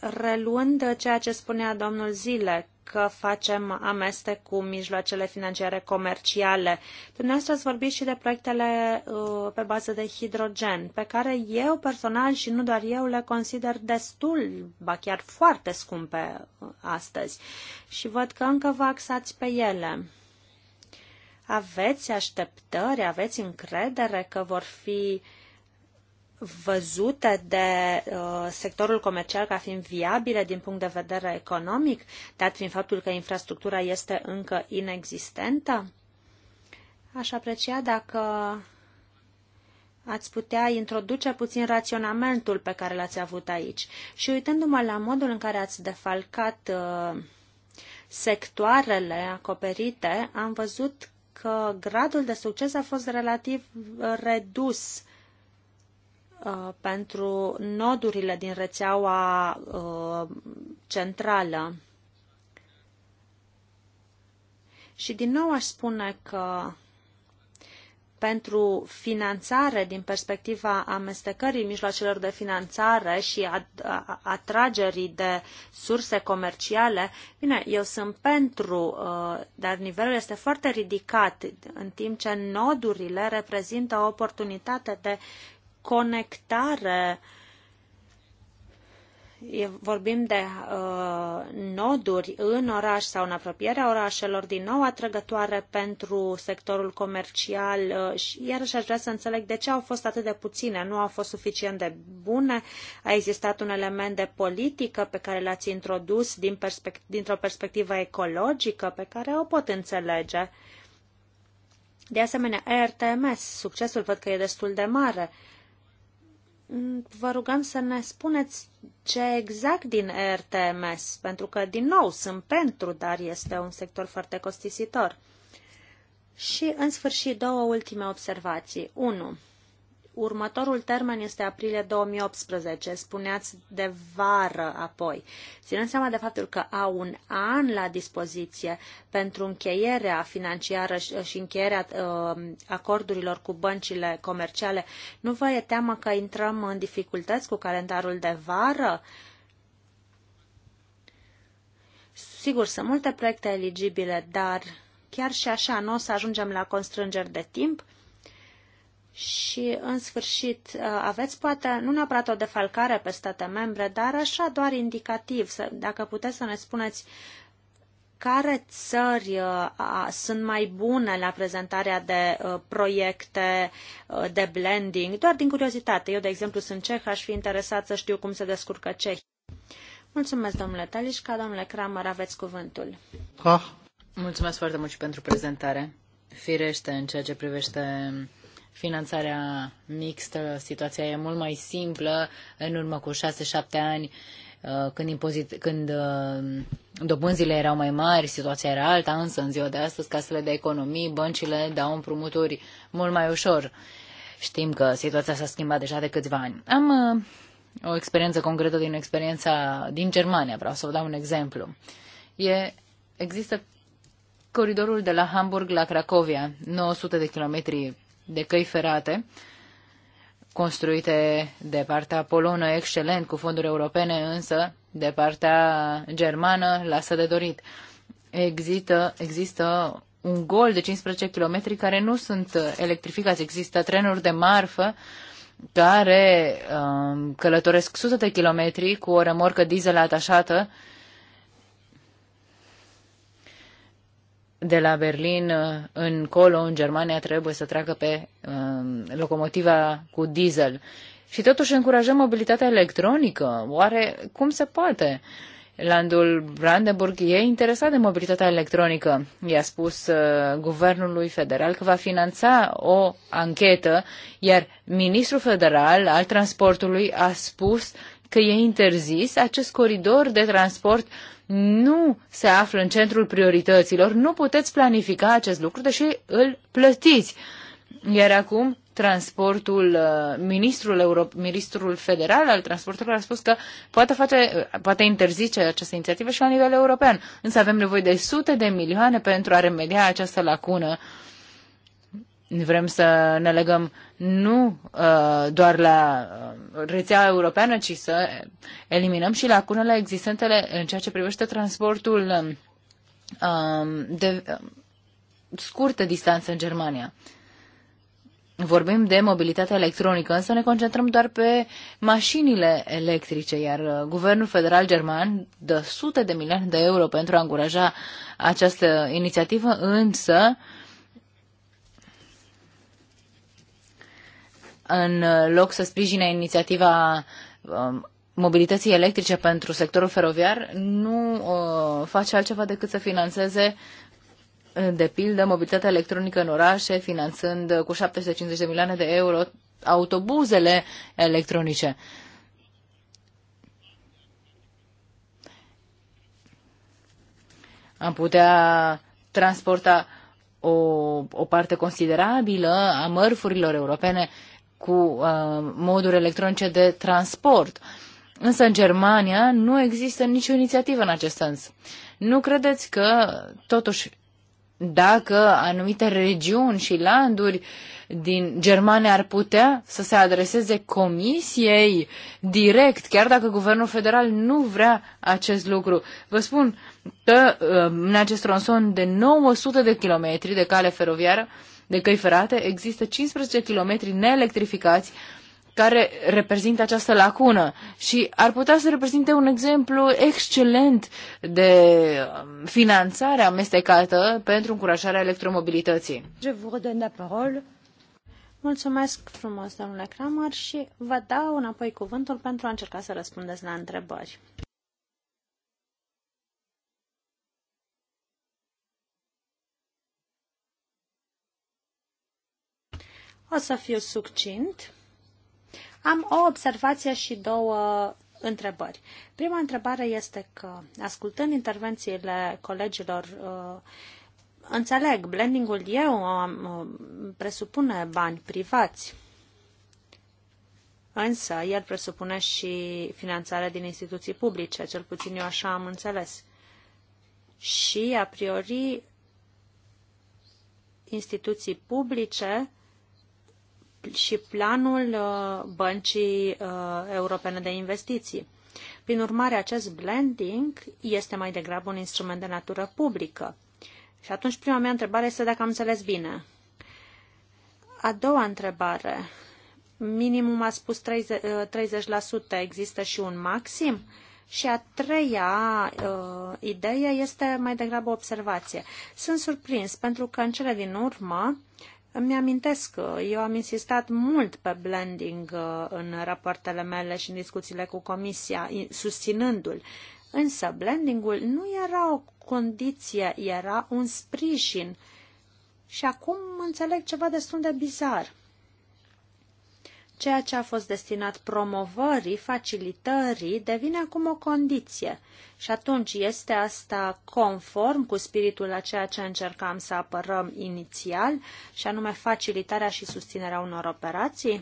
reluând ceea ce spunea domnul Zile, că facem amestec cu mijloacele financiare comerciale. Dumneavoastră ați vorbit și de proiectele uh, pe bază de hidrogen, pe care eu personal și nu doar eu le consider destul, ba chiar foarte scumpe uh, astăzi. Și văd că încă vă axați pe ele. Aveți așteptări, aveți încredere că vor fi uh, văzute de uh, sectorul comercial ca fiind viabile din punct de vedere economic, dat fiind faptul că infrastructura este încă inexistentă? Aș aprecia dacă ați putea introduce puțin raționamentul pe care l-ați avut aici. Și uitându-mă la modul în care ați defalcat uh, sectoarele acoperite, am văzut că gradul de succes a fost relativ uh, redus Uh, pentru nodurile din rețeaua uh, centrală. Și din nou aș spune că pentru finanțare din perspectiva amestecării mijloacelor de finanțare și atragerii de surse comerciale, bine, eu sunt pentru, uh, dar nivelul este foarte ridicat, în timp ce nodurile reprezintă o oportunitate de conectare. Vorbim de uh, noduri în oraș sau în apropierea orașelor, din nou atrăgătoare pentru sectorul comercial. Uh, și iarăși aș vrea să înțeleg de ce au fost atât de puține, nu au fost suficient de bune. A existat un element de politică pe care l-ați introdus din perspect- dintr-o perspectivă ecologică pe care o pot înțelege. De asemenea, RTMS, succesul văd că e destul de mare. Uh, Mm, vă rugăm să ne spuneți ce exact din RTMS, pentru că, din nou, sunt pentru, dar este un sector foarte costisitor. Și, în sfârșit, două ultime observații. 1. Următorul termen este aprilie 2018, spuneați de vară apoi. Ținând seama de faptul că au un an la dispoziție pentru încheierea financiară și încheierea uh, acordurilor cu băncile comerciale, nu vă e teamă că intrăm în dificultăți cu calendarul de vară? Sigur, sunt multe proiecte eligibile, dar chiar și așa nu o să ajungem la constrângeri de timp și, în sfârșit, uh, aveți poate nu neapărat o defalcare pe state membre, dar așa doar indicativ, să, dacă puteți să ne spuneți care țări uh, sunt mai bune la prezentarea de uh, proiecte uh, de blending, doar din curiozitate. Eu, de exemplu, sunt ceh, aș fi interesat să știu cum se descurcă cehi. Mulțumesc, domnule Talișca, Domnule Kramer, aveți cuvântul. Ah. Mulțumesc foarte mult și pentru prezentare. Firește, în ceea ce privește finanțarea mixtă, situația e mult mai simplă în urmă cu 6-7 ani uh, când, impozit, când uh, dobânzile erau mai mari, situația era alta, însă în ziua de astăzi casele de economii, băncile dau împrumuturi mult mai ușor. Știm că situația s-a schimbat deja de câțiva ani. Am uh, o experiență concretă din experiența din Germania, vreau să vă dau un exemplu. E, există coridorul de la Hamburg la Cracovia, 900 de kilometri de căi ferate, construite de partea polonă excelent cu fonduri europene, însă de partea germană lasă de dorit. Există, există un gol de 15 km care nu sunt electrificați. Există trenuri de marfă care um, călătoresc sute de kilometri cu o remorcă diesel atașată uh, de la Berlin uh, încolo, în Germania, trebuie să treacă pe um, locomotiva cu diesel. Și totuși încurajăm mobilitatea electronică. Oare cum se poate? Landul Brandenburg e interesat de mobilitatea electronică. I-a spus uh, guvernului federal că va finanța o anchetă, iar ministrul federal al transportului a spus că e interzis acest coridor de transport uh, nu se află în centrul priorităților, nu puteți planifica acest lucru, deși îl plătiți. Iar acum transportul, uh, ministrul, Euro, ministrul federal al transportului a spus că poate, face, uh, poate interzice această inițiativă și la nivel european. Însă avem nevoie de sute de milioane pentru a remedia această lacună. Uh, vrem să ne legăm nu uh, doar la uh, rețeaua europeană, ci să eliminăm și lacunele existentele în ceea ce privește transportul um, um, de um, scurtă distanță în Germania. Vorbim de mobilitatea electronică, însă ne concentrăm doar pe mașinile electrice, iar uh, Guvernul Federal German dă sute de milioane de euro pentru a încuraja această inițiativă, însă uh, în loc să sprijine inițiativa um, mobilității electrice pentru sectorul feroviar, nu uh, face altceva decât să financeze uh, de pildă mobilitatea electronică în orașe, finanțând uh, cu 750 de milioane de euro autobuzele electronice. Am putea transporta o, o parte considerabilă a mărfurilor europene uh, cu uh, moduri electronice de transport. Însă în Germania nu există nicio inițiativă în acest sens. Nu credeți că, totuși, dacă anumite regiuni și landuri din Germania ar putea să se adreseze comisiei direct, chiar dacă guvernul federal nu vrea acest lucru. Vă spun că uh, în acest tronson de 900 de kilometri de cale feroviară, uh, de căi ferate, există 15 km neelectrificați care reprezintă această lacună și ar putea să reprezinte un exemplu excelent de um, finanțare amestecată pentru încurajarea electromobilității. Je vous Mulțumesc frumos, domnule Kramer, și vă dau înapoi cuvântul pentru a încerca să răspundeți la întrebări. O să fiu succint. Am o observație și două întrebări. Prima întrebare este că, ascultând intervențiile colegilor, uh, înțeleg, blending-ul eu uh, presupune bani privați, însă el presupune și finanțarea din instituții publice, cel puțin eu așa am înțeles. Și, a priori, instituții publice și planul uh, Băncii uh, Europene de Investiții. Prin urmare, acest blending este mai degrabă un instrument de natură publică. Și atunci prima mea întrebare este dacă am înțeles bine. A doua întrebare. Minimum a spus 30%, 30% uh, există și un maxim? Și a treia uh, idee este mai degrabă observație. Sunt surprins pentru că în cele din urmă uh, îmi amintesc că eu am insistat mult pe blending uh, în rapoartele mele și în discuțiile cu Comisia, susținându-l. Însă blendingul nu era o condiție, era un sprijin. Și acum înțeleg ceva destul de bizar. Ceea ce a fost destinat promovării, facilitării, devine acum o condiție. Și atunci este asta conform cu spiritul a ceea ce încercam să apărăm inițial, și anume facilitarea și susținerea unor operații?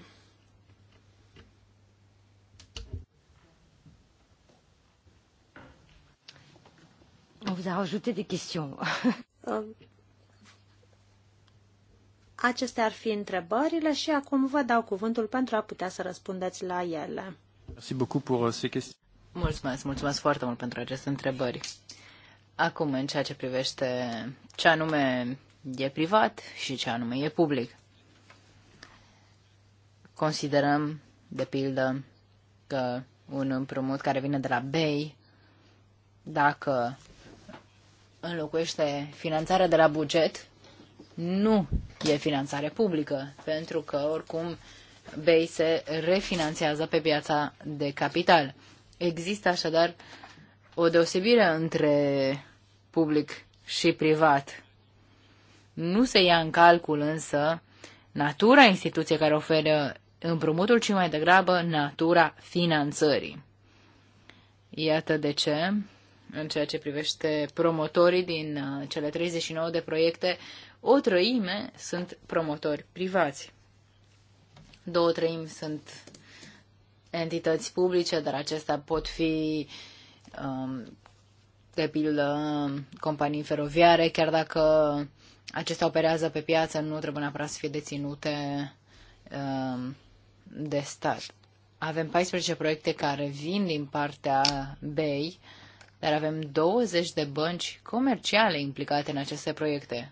On vous a rajouté des questions. Um, Acestea ar fi întrebările și acum vă dau cuvântul pentru a putea să răspundeți la ele. Uh, mulțumesc, mulțumesc foarte mult pentru aceste întrebări. Acum, în ceea ce privește ce anume e privat și ce anume e public, considerăm, de pildă, că un împrumut care vine de la BEI, dacă înlocuiește finanțarea de la buget, nu e finanțare publică, pentru că oricum BEI se refinanțează pe piața de capital. Există așadar o deosebire între public și privat. Nu se ia în calcul însă natura instituției care oferă împrumutul, ci mai degrabă natura finanțării. Iată de ce în ceea ce privește promotorii din uh, cele 39 de proiecte, o trăime sunt promotori privați. Două trăimi sunt entități publice, dar acestea pot fi, um, de pildă, companii feroviare, chiar dacă acestea operează pe piață, nu trebuie neapărat să fie deținute um, de stat. Avem 14 proiecte care vin din partea BEI, dar avem 20 de bănci comerciale implicate în aceste proiecte.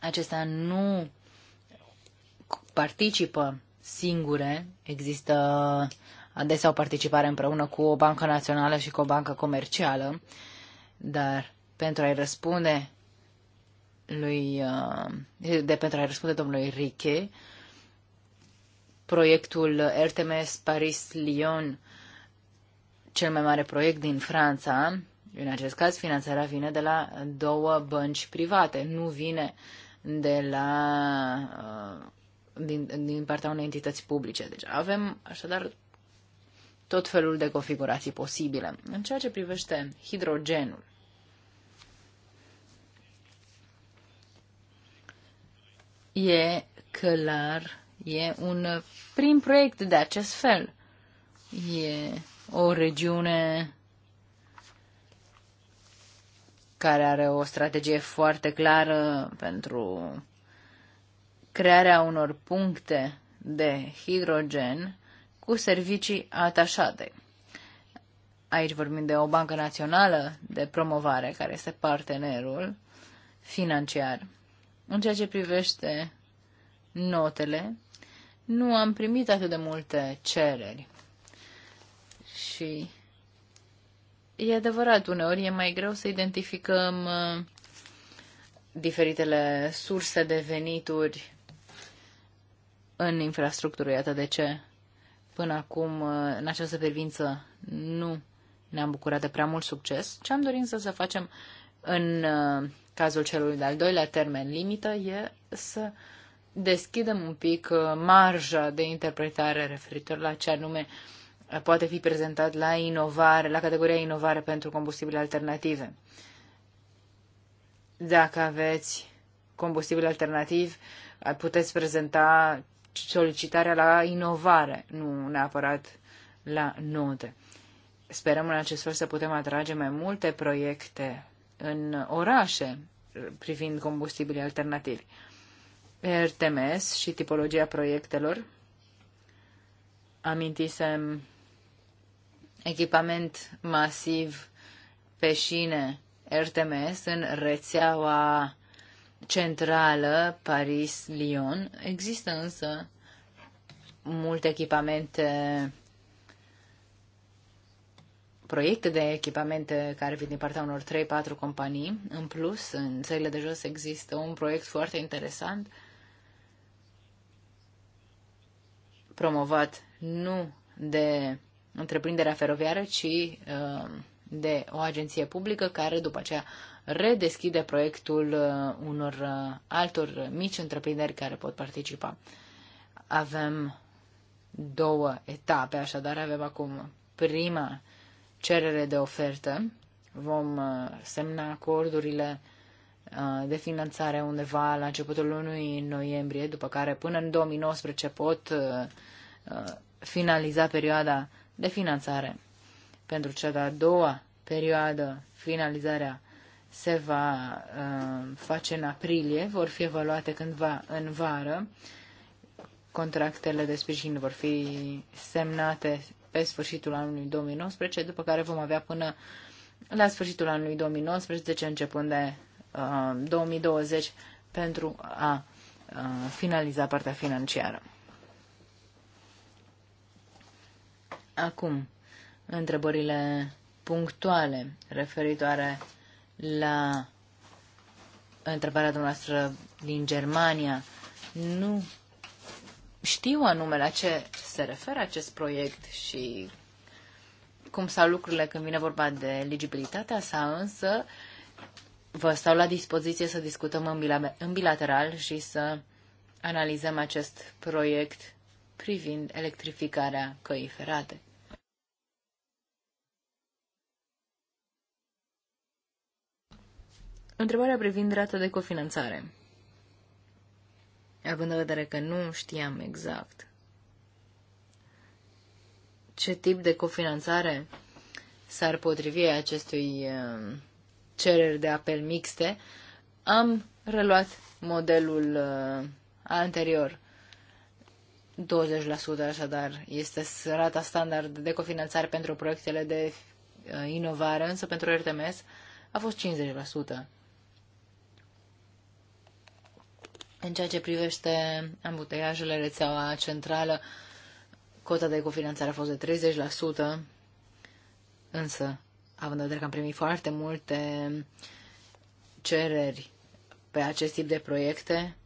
Acestea nu participă singure, există adesea o participare împreună cu o bancă națională și cu o bancă comercială, dar pentru a-i răspunde lui, uh, de pentru a-i răspunde domnului Riche, proiectul RTMS Paris-Lyon cel mai mare proiect din Franța. În acest caz, finanțarea vine de la două bănci private, nu vine de la, uh, din, din partea unei entități publice. Deci avem așadar tot felul de configurații posibile. În ceea ce privește hidrogenul, e clar, e un prim proiect de acest fel. E o regiune care are o strategie foarte clară pentru crearea unor puncte de hidrogen cu servicii atașate. Aici vorbim de o bancă națională de promovare care este partenerul financiar. În ceea ce privește notele, nu am primit atât de multe cereri și e adevărat, uneori e mai greu să identificăm uh, diferitele surse de venituri în infrastructură. Iată de ce până acum, uh, în această privință, nu ne-am bucurat de prea mult succes. Ce am dorit să, să facem în uh, cazul celui de-al doilea termen limită e să deschidem un pic marja de interpretare referitor la ce anume uh, poate fi prezentat la inovare, la categoria inovare pentru combustibile alternative. Dacă aveți combustibil alternativ, puteți prezenta solicitarea la inovare, nu neapărat la note. Sperăm în acest fel să putem atrage mai multe proiecte în orașe privind combustibili alternativi. RTMS și tipologia proiectelor amintisem echipament masiv pe șine RTMS în rețeaua centrală Paris-Lyon. Există însă multe echipamente, proiecte de echipamente care vin din partea unor 3-4 companii. În plus, în țările de jos există un proiect foarte interesant promovat nu de întreprinderea feroviară, ci uh, de o agenție publică care după aceea redeschide proiectul uh, unor uh, altor mici întreprinderi care pot participa. Avem două etape, așadar avem acum prima cerere de ofertă. Vom semna acordurile de finanțare undeva la începutul lunii noiembrie, după care până în 2019 pot finaliza perioada de finanțare. Pentru cea de-a doua perioadă, finalizarea se va uh, face în aprilie, vor fi evaluate cândva în vară. Contractele de sprijin vor fi semnate pe sfârșitul anului 2019, după care vom avea până la sfârșitul anului 2019, începând de uh, 2020, pentru a uh, finaliza partea financiară. Acum, întrebările punctuale referitoare la întrebarea dumneavoastră din Germania. Nu știu anume la ce se referă acest proiect și cum stau lucrurile când vine vorba de eligibilitatea sa, însă vă stau la dispoziție să discutăm în bilateral și să analizăm acest proiect privind electrificarea căii ferate. Întrebarea privind rata de cofinanțare. Având în vedere că nu știam exact ce tip de cofinanțare s-ar potrivi acestui uh, cereri de apel mixte, am reluat modelul uh, anterior. 20% așadar este rata standard de cofinanțare pentru proiectele de uh, inovare, însă pentru RTMS a fost În ceea ce privește ambuteiajele, rețeaua centrală, cota de cofinanțare a fost de 30%, însă, având în vedere că am primit foarte multe cereri pe acest tip de proiecte,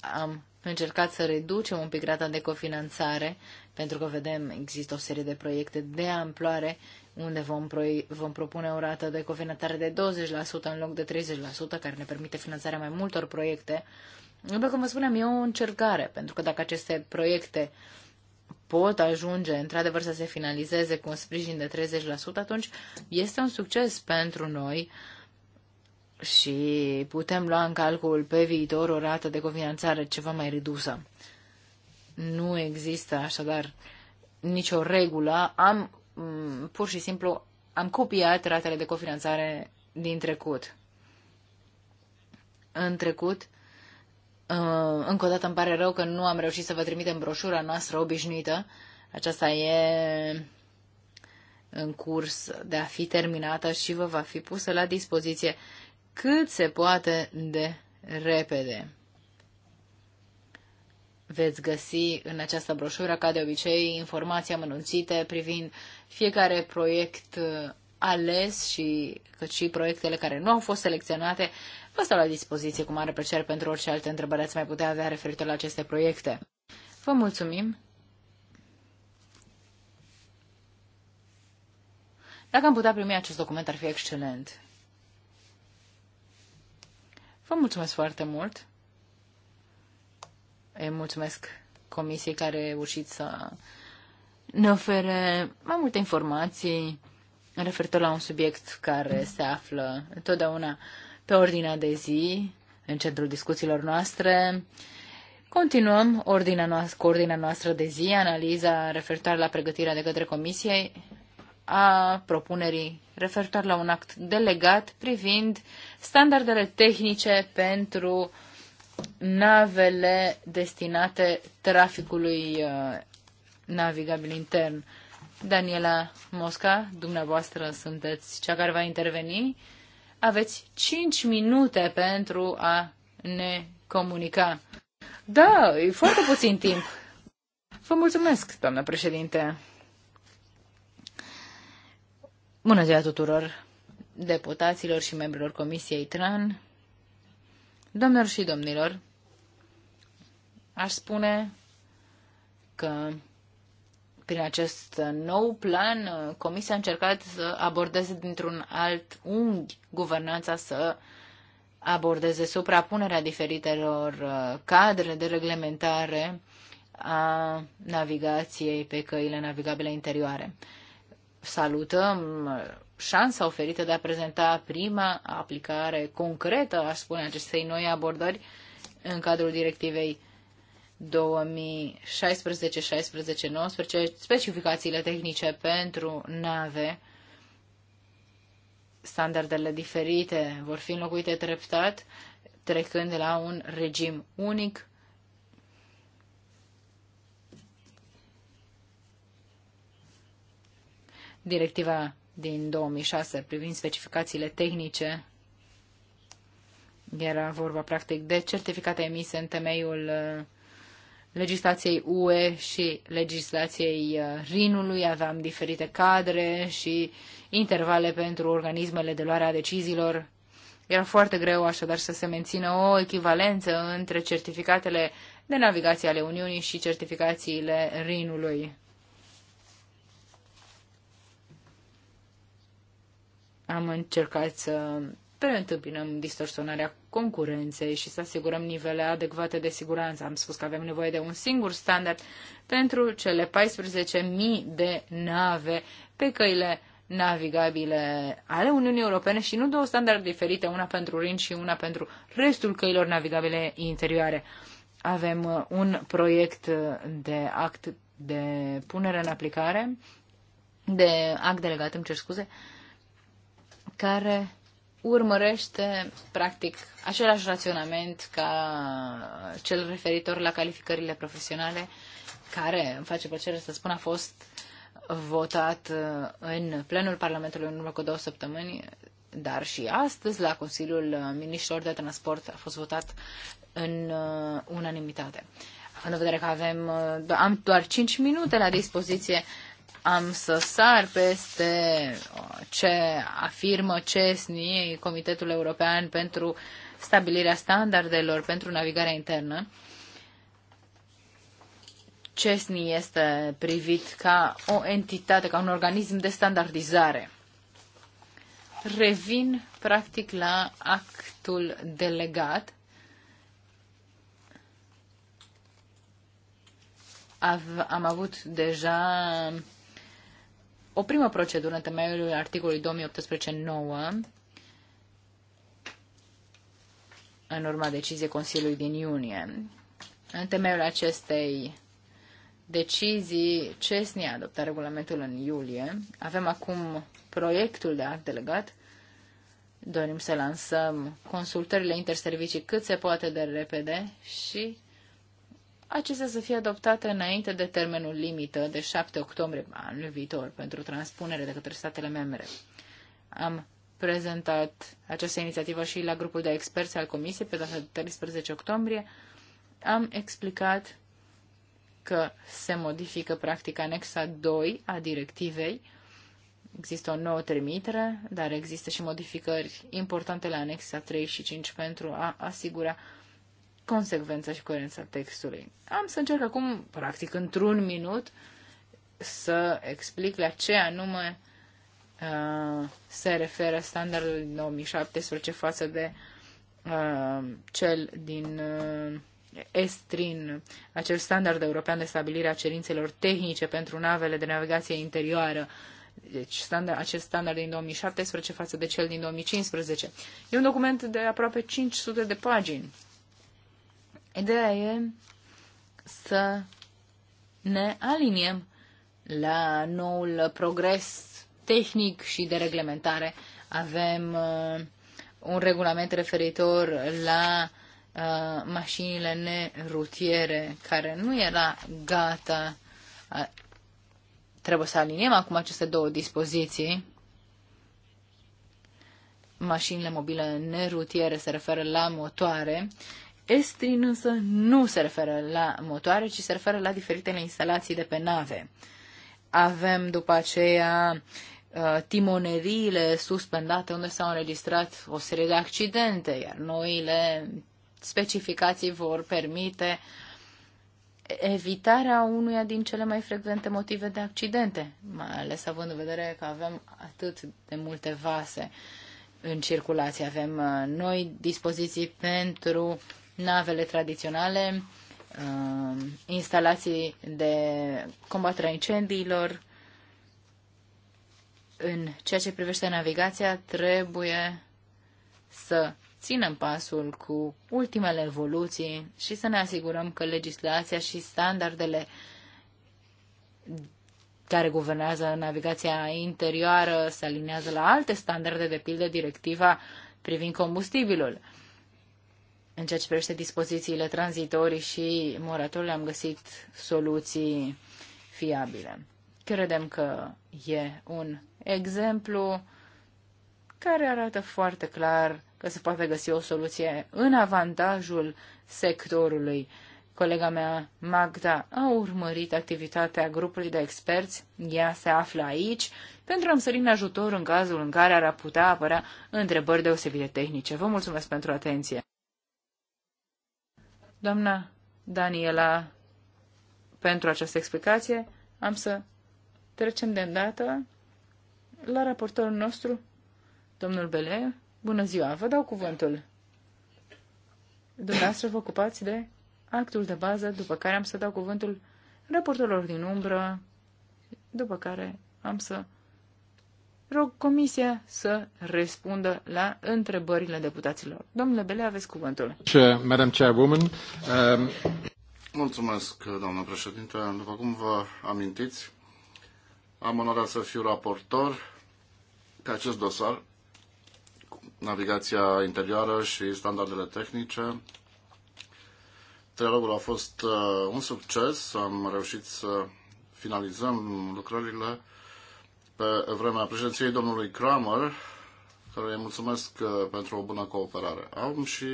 am încercat să reducem un pic rata de cofinanțare pentru că vedem, există o serie de proiecte de amploare unde vom, pro- vom propune o rată de cofinanțare de 20% în loc de 30%, care ne permite finanțarea mai multor proiecte. După cum vă spuneam, e o încercare, pentru că dacă aceste proiecte pot ajunge într-adevăr să se finalizeze cu un sprijin de 30%, atunci este un succes pentru noi și putem lua în calcul pe viitor o rată de cofinanțare ceva mai redusă. Nu există așadar nicio regulă. Am mm, pur și simplu am copiat ratele de cofinanțare din trecut. În trecut, uh, încă o dată îmi pare rău că nu am reușit să vă trimitem broșura noastră obișnuită. Aceasta e în curs de a fi terminată și vă va fi pusă la dispoziție cât se poate de repede. Veți găsi în această broșură, ca de obicei, informații amănunțite privind fiecare proiect uh, ales și cât și proiectele care nu au fost selecționate. Vă stau la dispoziție cu mare plăcere pentru orice alte întrebări ați mai putea avea referitor la aceste proiecte. Vă mulțumim! Dacă am putea primi acest document, ar fi excelent. Vă mulțumesc foarte mult! Îi mulțumesc comisiei care a reușit să ne ofere mai multe informații referitor la un subiect care se află întotdeauna pe ordinea de zi, în centrul discuțiilor noastre. Continuăm ordinea noastră, cu ordinea noastră de zi, analiza referitoare la pregătirea de către comisie a propunerii referitor la un act delegat privind standardele tehnice pentru navele destinate traficului uh, navigabil intern. Daniela Mosca, dumneavoastră sunteți cea care va interveni. Aveți 5 minute pentru a ne comunica. Da, e foarte puțin timp. Vă mulțumesc, doamnă președinte. Bună ziua tuturor deputaților și membrilor Comisiei TRAN. Doamnelor și domnilor, Aș spune că prin acest nou plan, Comisia a încercat să abordeze dintr-un alt unghi guvernanța, să abordeze suprapunerea diferitelor uh, cadre de reglementare a navigației pe căile navigabile interioare. Salutăm uh, șansa oferită de a prezenta prima aplicare concretă, aș spune, acestei noi abordări în cadrul directivei 2016, 16, 19, specificațiile tehnice pentru nave, standardele diferite vor fi înlocuite treptat, trecând la un regim unic. Directiva din 2006 privind specificațiile tehnice era vorba practic de certificate emise în temeiul uh, legislației UE și legislației uh, RIN-ului. Aveam diferite cadre și intervale pentru organismele de luare a deciziilor. Era foarte greu așadar să se mențină o echivalență între certificatele de navigație ale Uniunii și certificațiile RIN-ului. Am încercat să preîntâmpinăm distorsionarea concurenței și să asigurăm nivele adecvate de siguranță. Am spus că avem nevoie de un singur standard pentru cele 14.000 de nave pe căile navigabile ale Uniunii Europene și nu două standarde diferite, una pentru Rin și una pentru restul căilor navigabile interioare. Avem uh, un proiect de act de punere în aplicare, de act delegat, îmi cer scuze, care urmărește, practic, același raționament ca cel referitor la calificările profesionale, care, îmi face plăcere să spun, a fost votat uh, în plenul Parlamentului în urmă cu două săptămâni, dar și astăzi la Consiliul uh, Ministrilor de Transport a fost votat în uh, unanimitate. Având în vedere că avem, am doar 5 minute la dispoziție, am să sar peste ce afirmă CESNI, Comitetul European pentru stabilirea standardelor pentru navigarea internă. CESNI este privit ca o entitate, ca un organism de standardizare. Revin, practic, la actul delegat. Am avut deja o primă procedură în temeiul articolului 2018-9 în urma deciziei Consiliului din iunie. În temeiul acestei decizii, CESNI a adoptat regulamentul în iulie. Avem acum proiectul de act delegat. Dorim să lansăm consultările interservicii cât se poate de repede și acestea să fie adoptate înainte de termenul limită de 7 octombrie anul viitor pentru transpunere de către statele membre. Am prezentat această inițiativă și la grupul de experți al Comisiei pe data de 13 octombrie. Am explicat că se modifică practica anexa 2 a directivei. Există o nouă trimitere, dar există și modificări importante la anexa 3 și 5 pentru a asigura consecvența și coerența textului. Am să încerc acum, practic într-un minut, să explic la ce anume uh, se referă standardul din 2017 față de uh, cel din uh, ESTRIN, acel standard european de stabilire a cerințelor tehnice pentru navele de navigație interioară, deci standard, acest standard din 2017 față de cel din 2015. E un document de aproape 500 de pagini Ideea e să ne aliniem la noul progres tehnic și de reglementare. Avem uh, un regulament referitor la uh, mașinile nerutiere care nu era gata. Uh, trebuie să aliniem acum aceste două dispoziții. Mașinile mobile nerutiere se referă la motoare. Uh, Estrin însă nu se referă la motoare, ci se referă la diferitele instalații de pe nave. Avem după aceea uh, timoneriile suspendate unde s-au înregistrat o serie de accidente, iar noile specificații vor permite evitarea unuia din cele mai frecvente motive de accidente, mai ales având în vedere că avem atât de multe vase în circulație. Avem uh, noi dispoziții pentru navele tradiționale, uh, instalații de combatere a incendiilor. În ceea ce privește navigația, trebuie să ținem pasul cu ultimele evoluții și să ne asigurăm că legislația și standardele care guvernează navigația interioară se alinează la alte standarde, de pildă directiva privind combustibilul. În ceea ce privește dispozițiile tranzitorii și moratorii, am găsit soluții fiabile. Credem că e un exemplu care arată foarte clar că se poate găsi o soluție în avantajul sectorului. Colega mea, Magda, a urmărit activitatea grupului de experți, ea se află aici, pentru a-mi sări în ajutor în cazul în care ar putea apărea întrebări deosebite tehnice. Vă mulțumesc pentru atenție! Doamna Daniela, pentru această explicație, am să trecem de îndată la raportorul nostru, domnul Bele. Bună ziua, vă dau cuvântul. Dumneavoastră vă ocupați de actul de bază, după care am să dau cuvântul raportorilor din umbră, după care am să Rog Comisia să răspundă la întrebările deputaților. Domnule Bele, aveți cuvântul. Madam Chairwoman, um... Mulțumesc, doamnă președinte. După cum vă amintiți, am onoarea să fiu raportor pe acest dosar, navigația interioară și standardele tehnice. Trialogul a fost uh, un succes, am reușit să finalizăm lucrările pe vremea președinției domnului Kramer, care îi mulțumesc uh, pentru o bună cooperare. Am și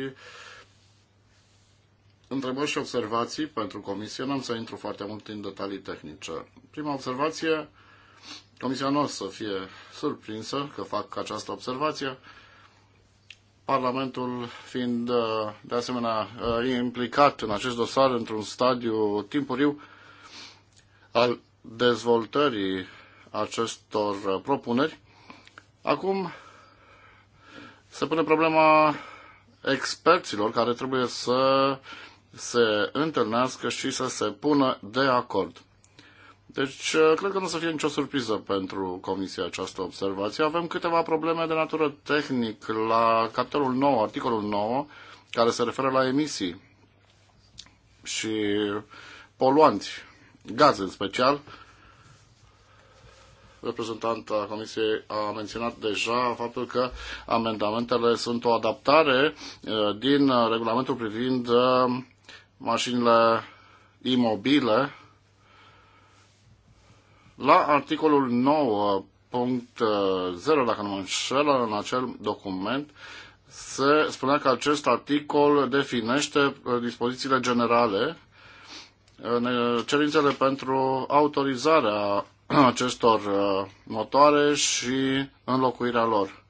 întrebări și observații pentru comisie. N-am să intru foarte mult în detalii tehnice. Prima observație, comisia nu o să fie surprinsă că fac această observație, Parlamentul fiind uh, de asemenea uh, implicat în acest dosar într-un stadiu timpuriu al dezvoltării acestor uh, propuneri. Acum se pune problema experților care trebuie să se întâlnească și să se pună de acord. Deci, uh, cred că nu o să fie nicio surpriză pentru Comisia această observație. Avem câteva probleme de natură tehnic la capitolul 9, articolul 9, care se referă la emisii și poluanți, gaze în special reprezentanta Comisiei a menționat deja faptul că amendamentele sunt o adaptare uh, din uh, regulamentul privind uh, mașinile imobile la articolul 9.0, punct dacă nu mă înșel, în acel document se spunea că acest articol definește dispozițiile generale, cerințele pentru autorizarea acestor uh, motoare și înlocuirea lor.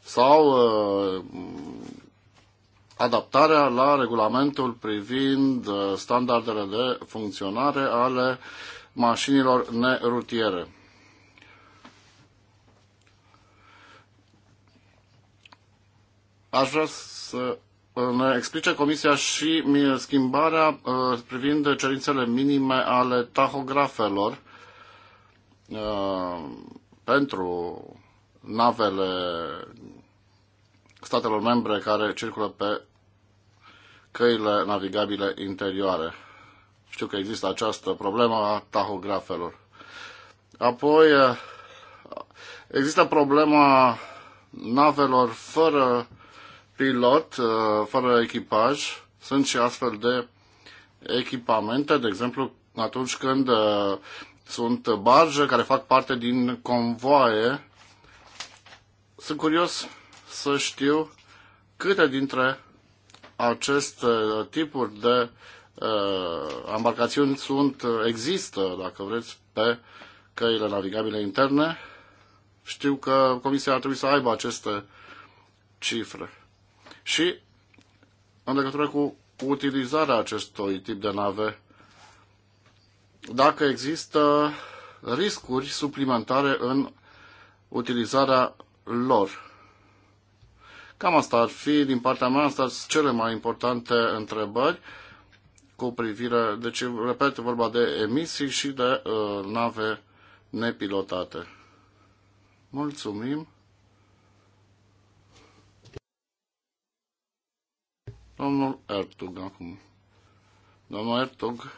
Sau uh, adaptarea la regulamentul privind uh, standardele de funcționare ale mașinilor nerutiere. Aș vrea să ne explice Comisia și schimbarea uh, privind cerințele minime ale tahografelor uh, pentru navele statelor membre care circulă pe căile navigabile interioare. Știu că există această problemă a tahografelor. Apoi uh, există problema navelor fără pilot uh, fără echipaj. Sunt și astfel de echipamente, de exemplu, atunci când uh, sunt barge care fac parte din convoaie. Sunt curios să știu câte dintre aceste tipuri de uh, embarcațiuni sunt, uh, există, dacă vreți, pe căile navigabile interne. Știu că Comisia ar trebui să aibă aceste cifre și în legătură cu utilizarea acestui tip de nave, dacă există riscuri suplimentare în utilizarea lor. Cam asta ar fi din partea mea, asta sunt cele mai importante întrebări cu privire, deci repet, vorba de emisii și de uh, nave nepilotate. Mulțumim! Domnul Ertug acum. Domnul Ertug.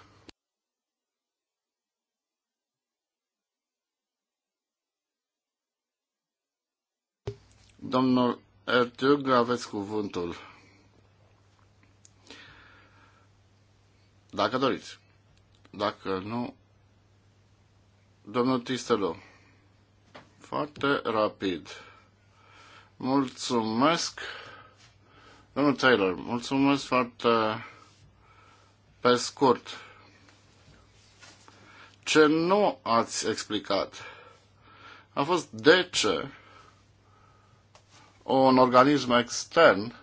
Domnul Ertug, aveți cuvântul. Dacă doriți. Dacă nu, domnul Tistelo. Foarte rapid. Mulțumesc. Domnul Taylor, mulțumesc foarte pe scurt. Ce nu ați explicat a fost de ce un organism extern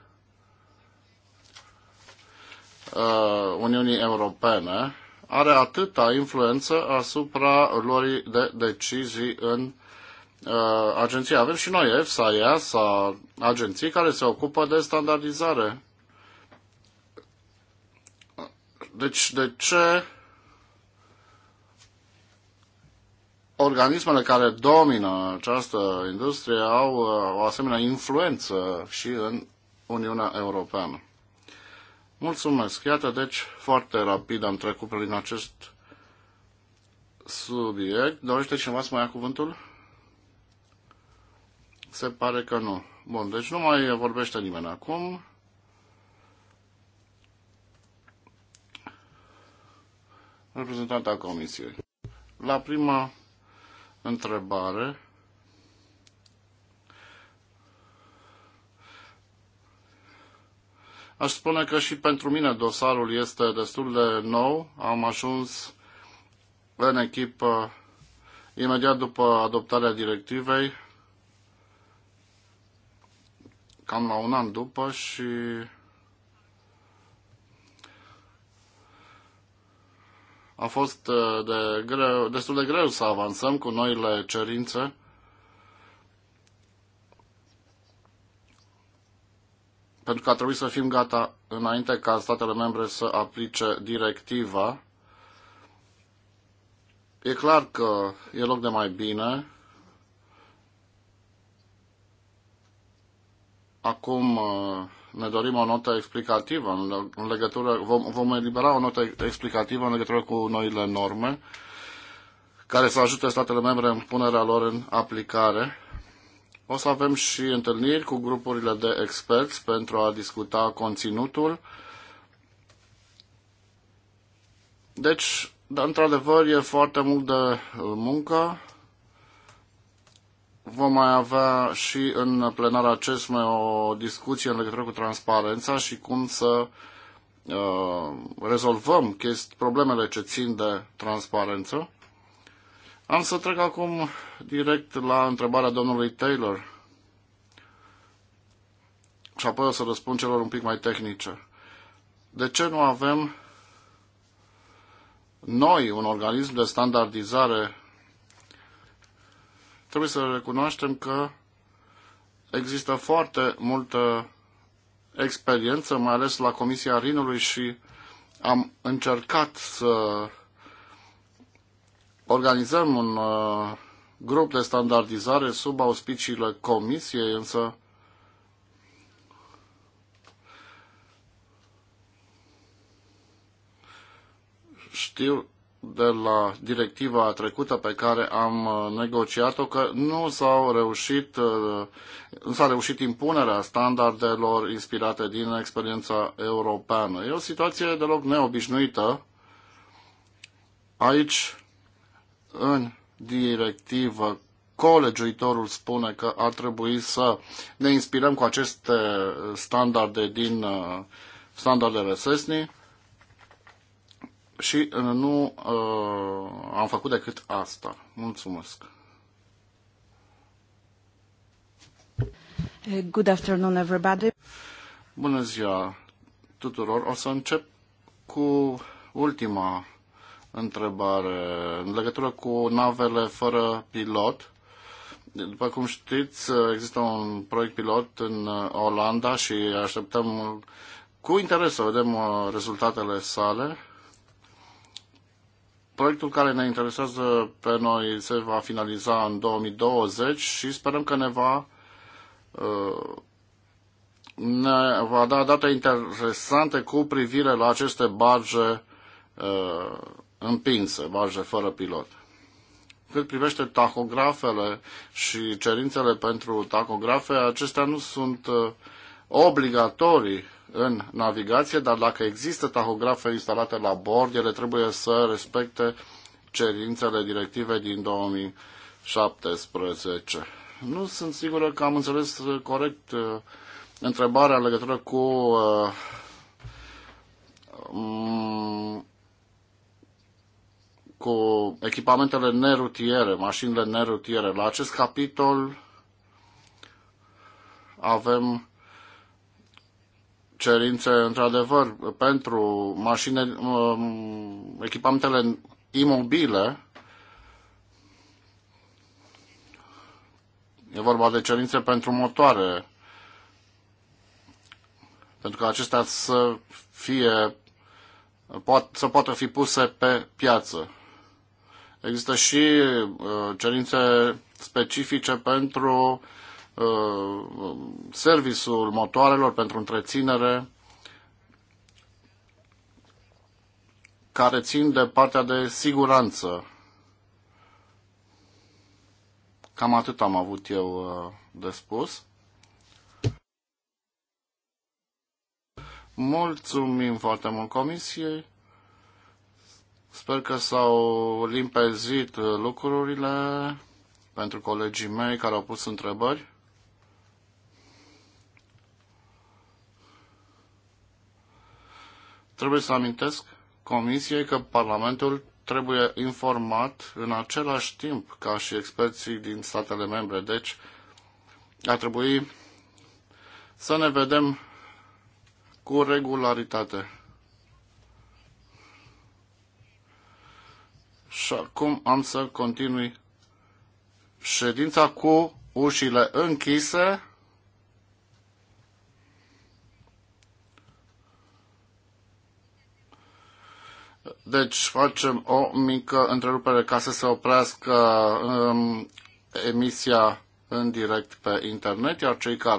uh, Uniunii Europene are atâta influență asupra luării de decizii în Uh, agenții. Avem și noi EFSA, EASA, agenții care se ocupă de standardizare. Deci, de ce organismele care domină această industrie au uh, o asemenea influență și în Uniunea Europeană? Mulțumesc! Iată, deci, foarte rapid am trecut prin acest subiect. Dorește cineva să mai ia cuvântul? Se pare că nu. Bun, deci nu mai vorbește nimeni acum. Reprezentanta Comisiei. La prima întrebare, Aș spune că și pentru mine dosarul este destul de nou. Am ajuns în echipă imediat după adoptarea directivei cam la un an după și a fost uh, de greu, destul de greu să avansăm cu noile cerințe. Pentru că a trebuit să fim gata înainte ca statele membre să aplice directiva. E clar că e loc de mai bine, Acum uh, ne dorim o notă explicativă în legătură, vom, vom elibera o notă explicativă în legătură cu noile norme care să ajute statele membre în punerea lor în aplicare. O să avem și întâlniri cu grupurile de experți pentru a discuta conținutul. Deci, dar într-adevăr e foarte mult de uh, muncă vom mai avea și în plenara CESME o discuție în legătură cu transparența și cum să uh, rezolvăm problemele ce țin de transparență. Am să trec acum direct la întrebarea domnului Taylor și apoi o să răspund celor un pic mai tehnice. De ce nu avem noi un organism de standardizare trebuie să recunoaștem că există foarte multă experiență, mai ales la Comisia Rinului și am încercat să organizăm un uh, grup de standardizare sub auspiciile Comisiei, însă știu de la directiva trecută pe care am uh, negociat-o că nu s-au reușit, uh, nu s-a reușit impunerea standardelor inspirate din experiența europeană. E o situație deloc neobișnuită. Aici, în directivă, colegiuitorul spune că ar trebui să ne inspirăm cu aceste standarde din uh, standardele SESNI și nu uh, am făcut decât asta. Mulțumesc. Eh, good afternoon, everybody. Bună ziua tuturor. O să încep cu ultima întrebare în legătură cu navele fără pilot. După cum știți, există un proiect pilot în Olanda și așteptăm cu interes să vedem uh, rezultatele sale. Proiectul care ne interesează pe noi se va finaliza în 2020 și sperăm că ne va, uh, ne va da date interesante cu privire la aceste barge uh, împinse, barge fără pilot. Cât privește tachografele și cerințele pentru tachografe. acestea nu sunt uh, obligatorii în navigație, dar dacă există tahografe instalate la bord, ele trebuie să respecte cerințele directive din 2017. Nu sunt sigură că am înțeles corect uh, întrebarea în legătură cu uh, mm, cu echipamentele nerutiere, mașinile nerutiere. La acest capitol avem cerințe, într-adevăr, pentru mașine, um, echipamentele imobile. E vorba de cerințe pentru motoare, pentru că acestea să fie să poată fi puse pe piață. Există și uh, cerințe specifice pentru uh, Uh, serviciul motoarelor pentru întreținere care țin de partea de siguranță. Cam atât am avut eu uh, de spus. Mulțumim foarte mult comisiei. Sper că s-au limpezit uh, lucrurile pentru colegii mei care au pus întrebări. Trebuie să amintesc Comisiei că Parlamentul trebuie informat în același timp ca și experții din statele membre. Deci, ar trebui să ne vedem cu regularitate. Și acum am să continui ședința cu ușile închise. Deci facem o mică întrerupere ca să se oprească um, emisia în direct pe internet, iar cei care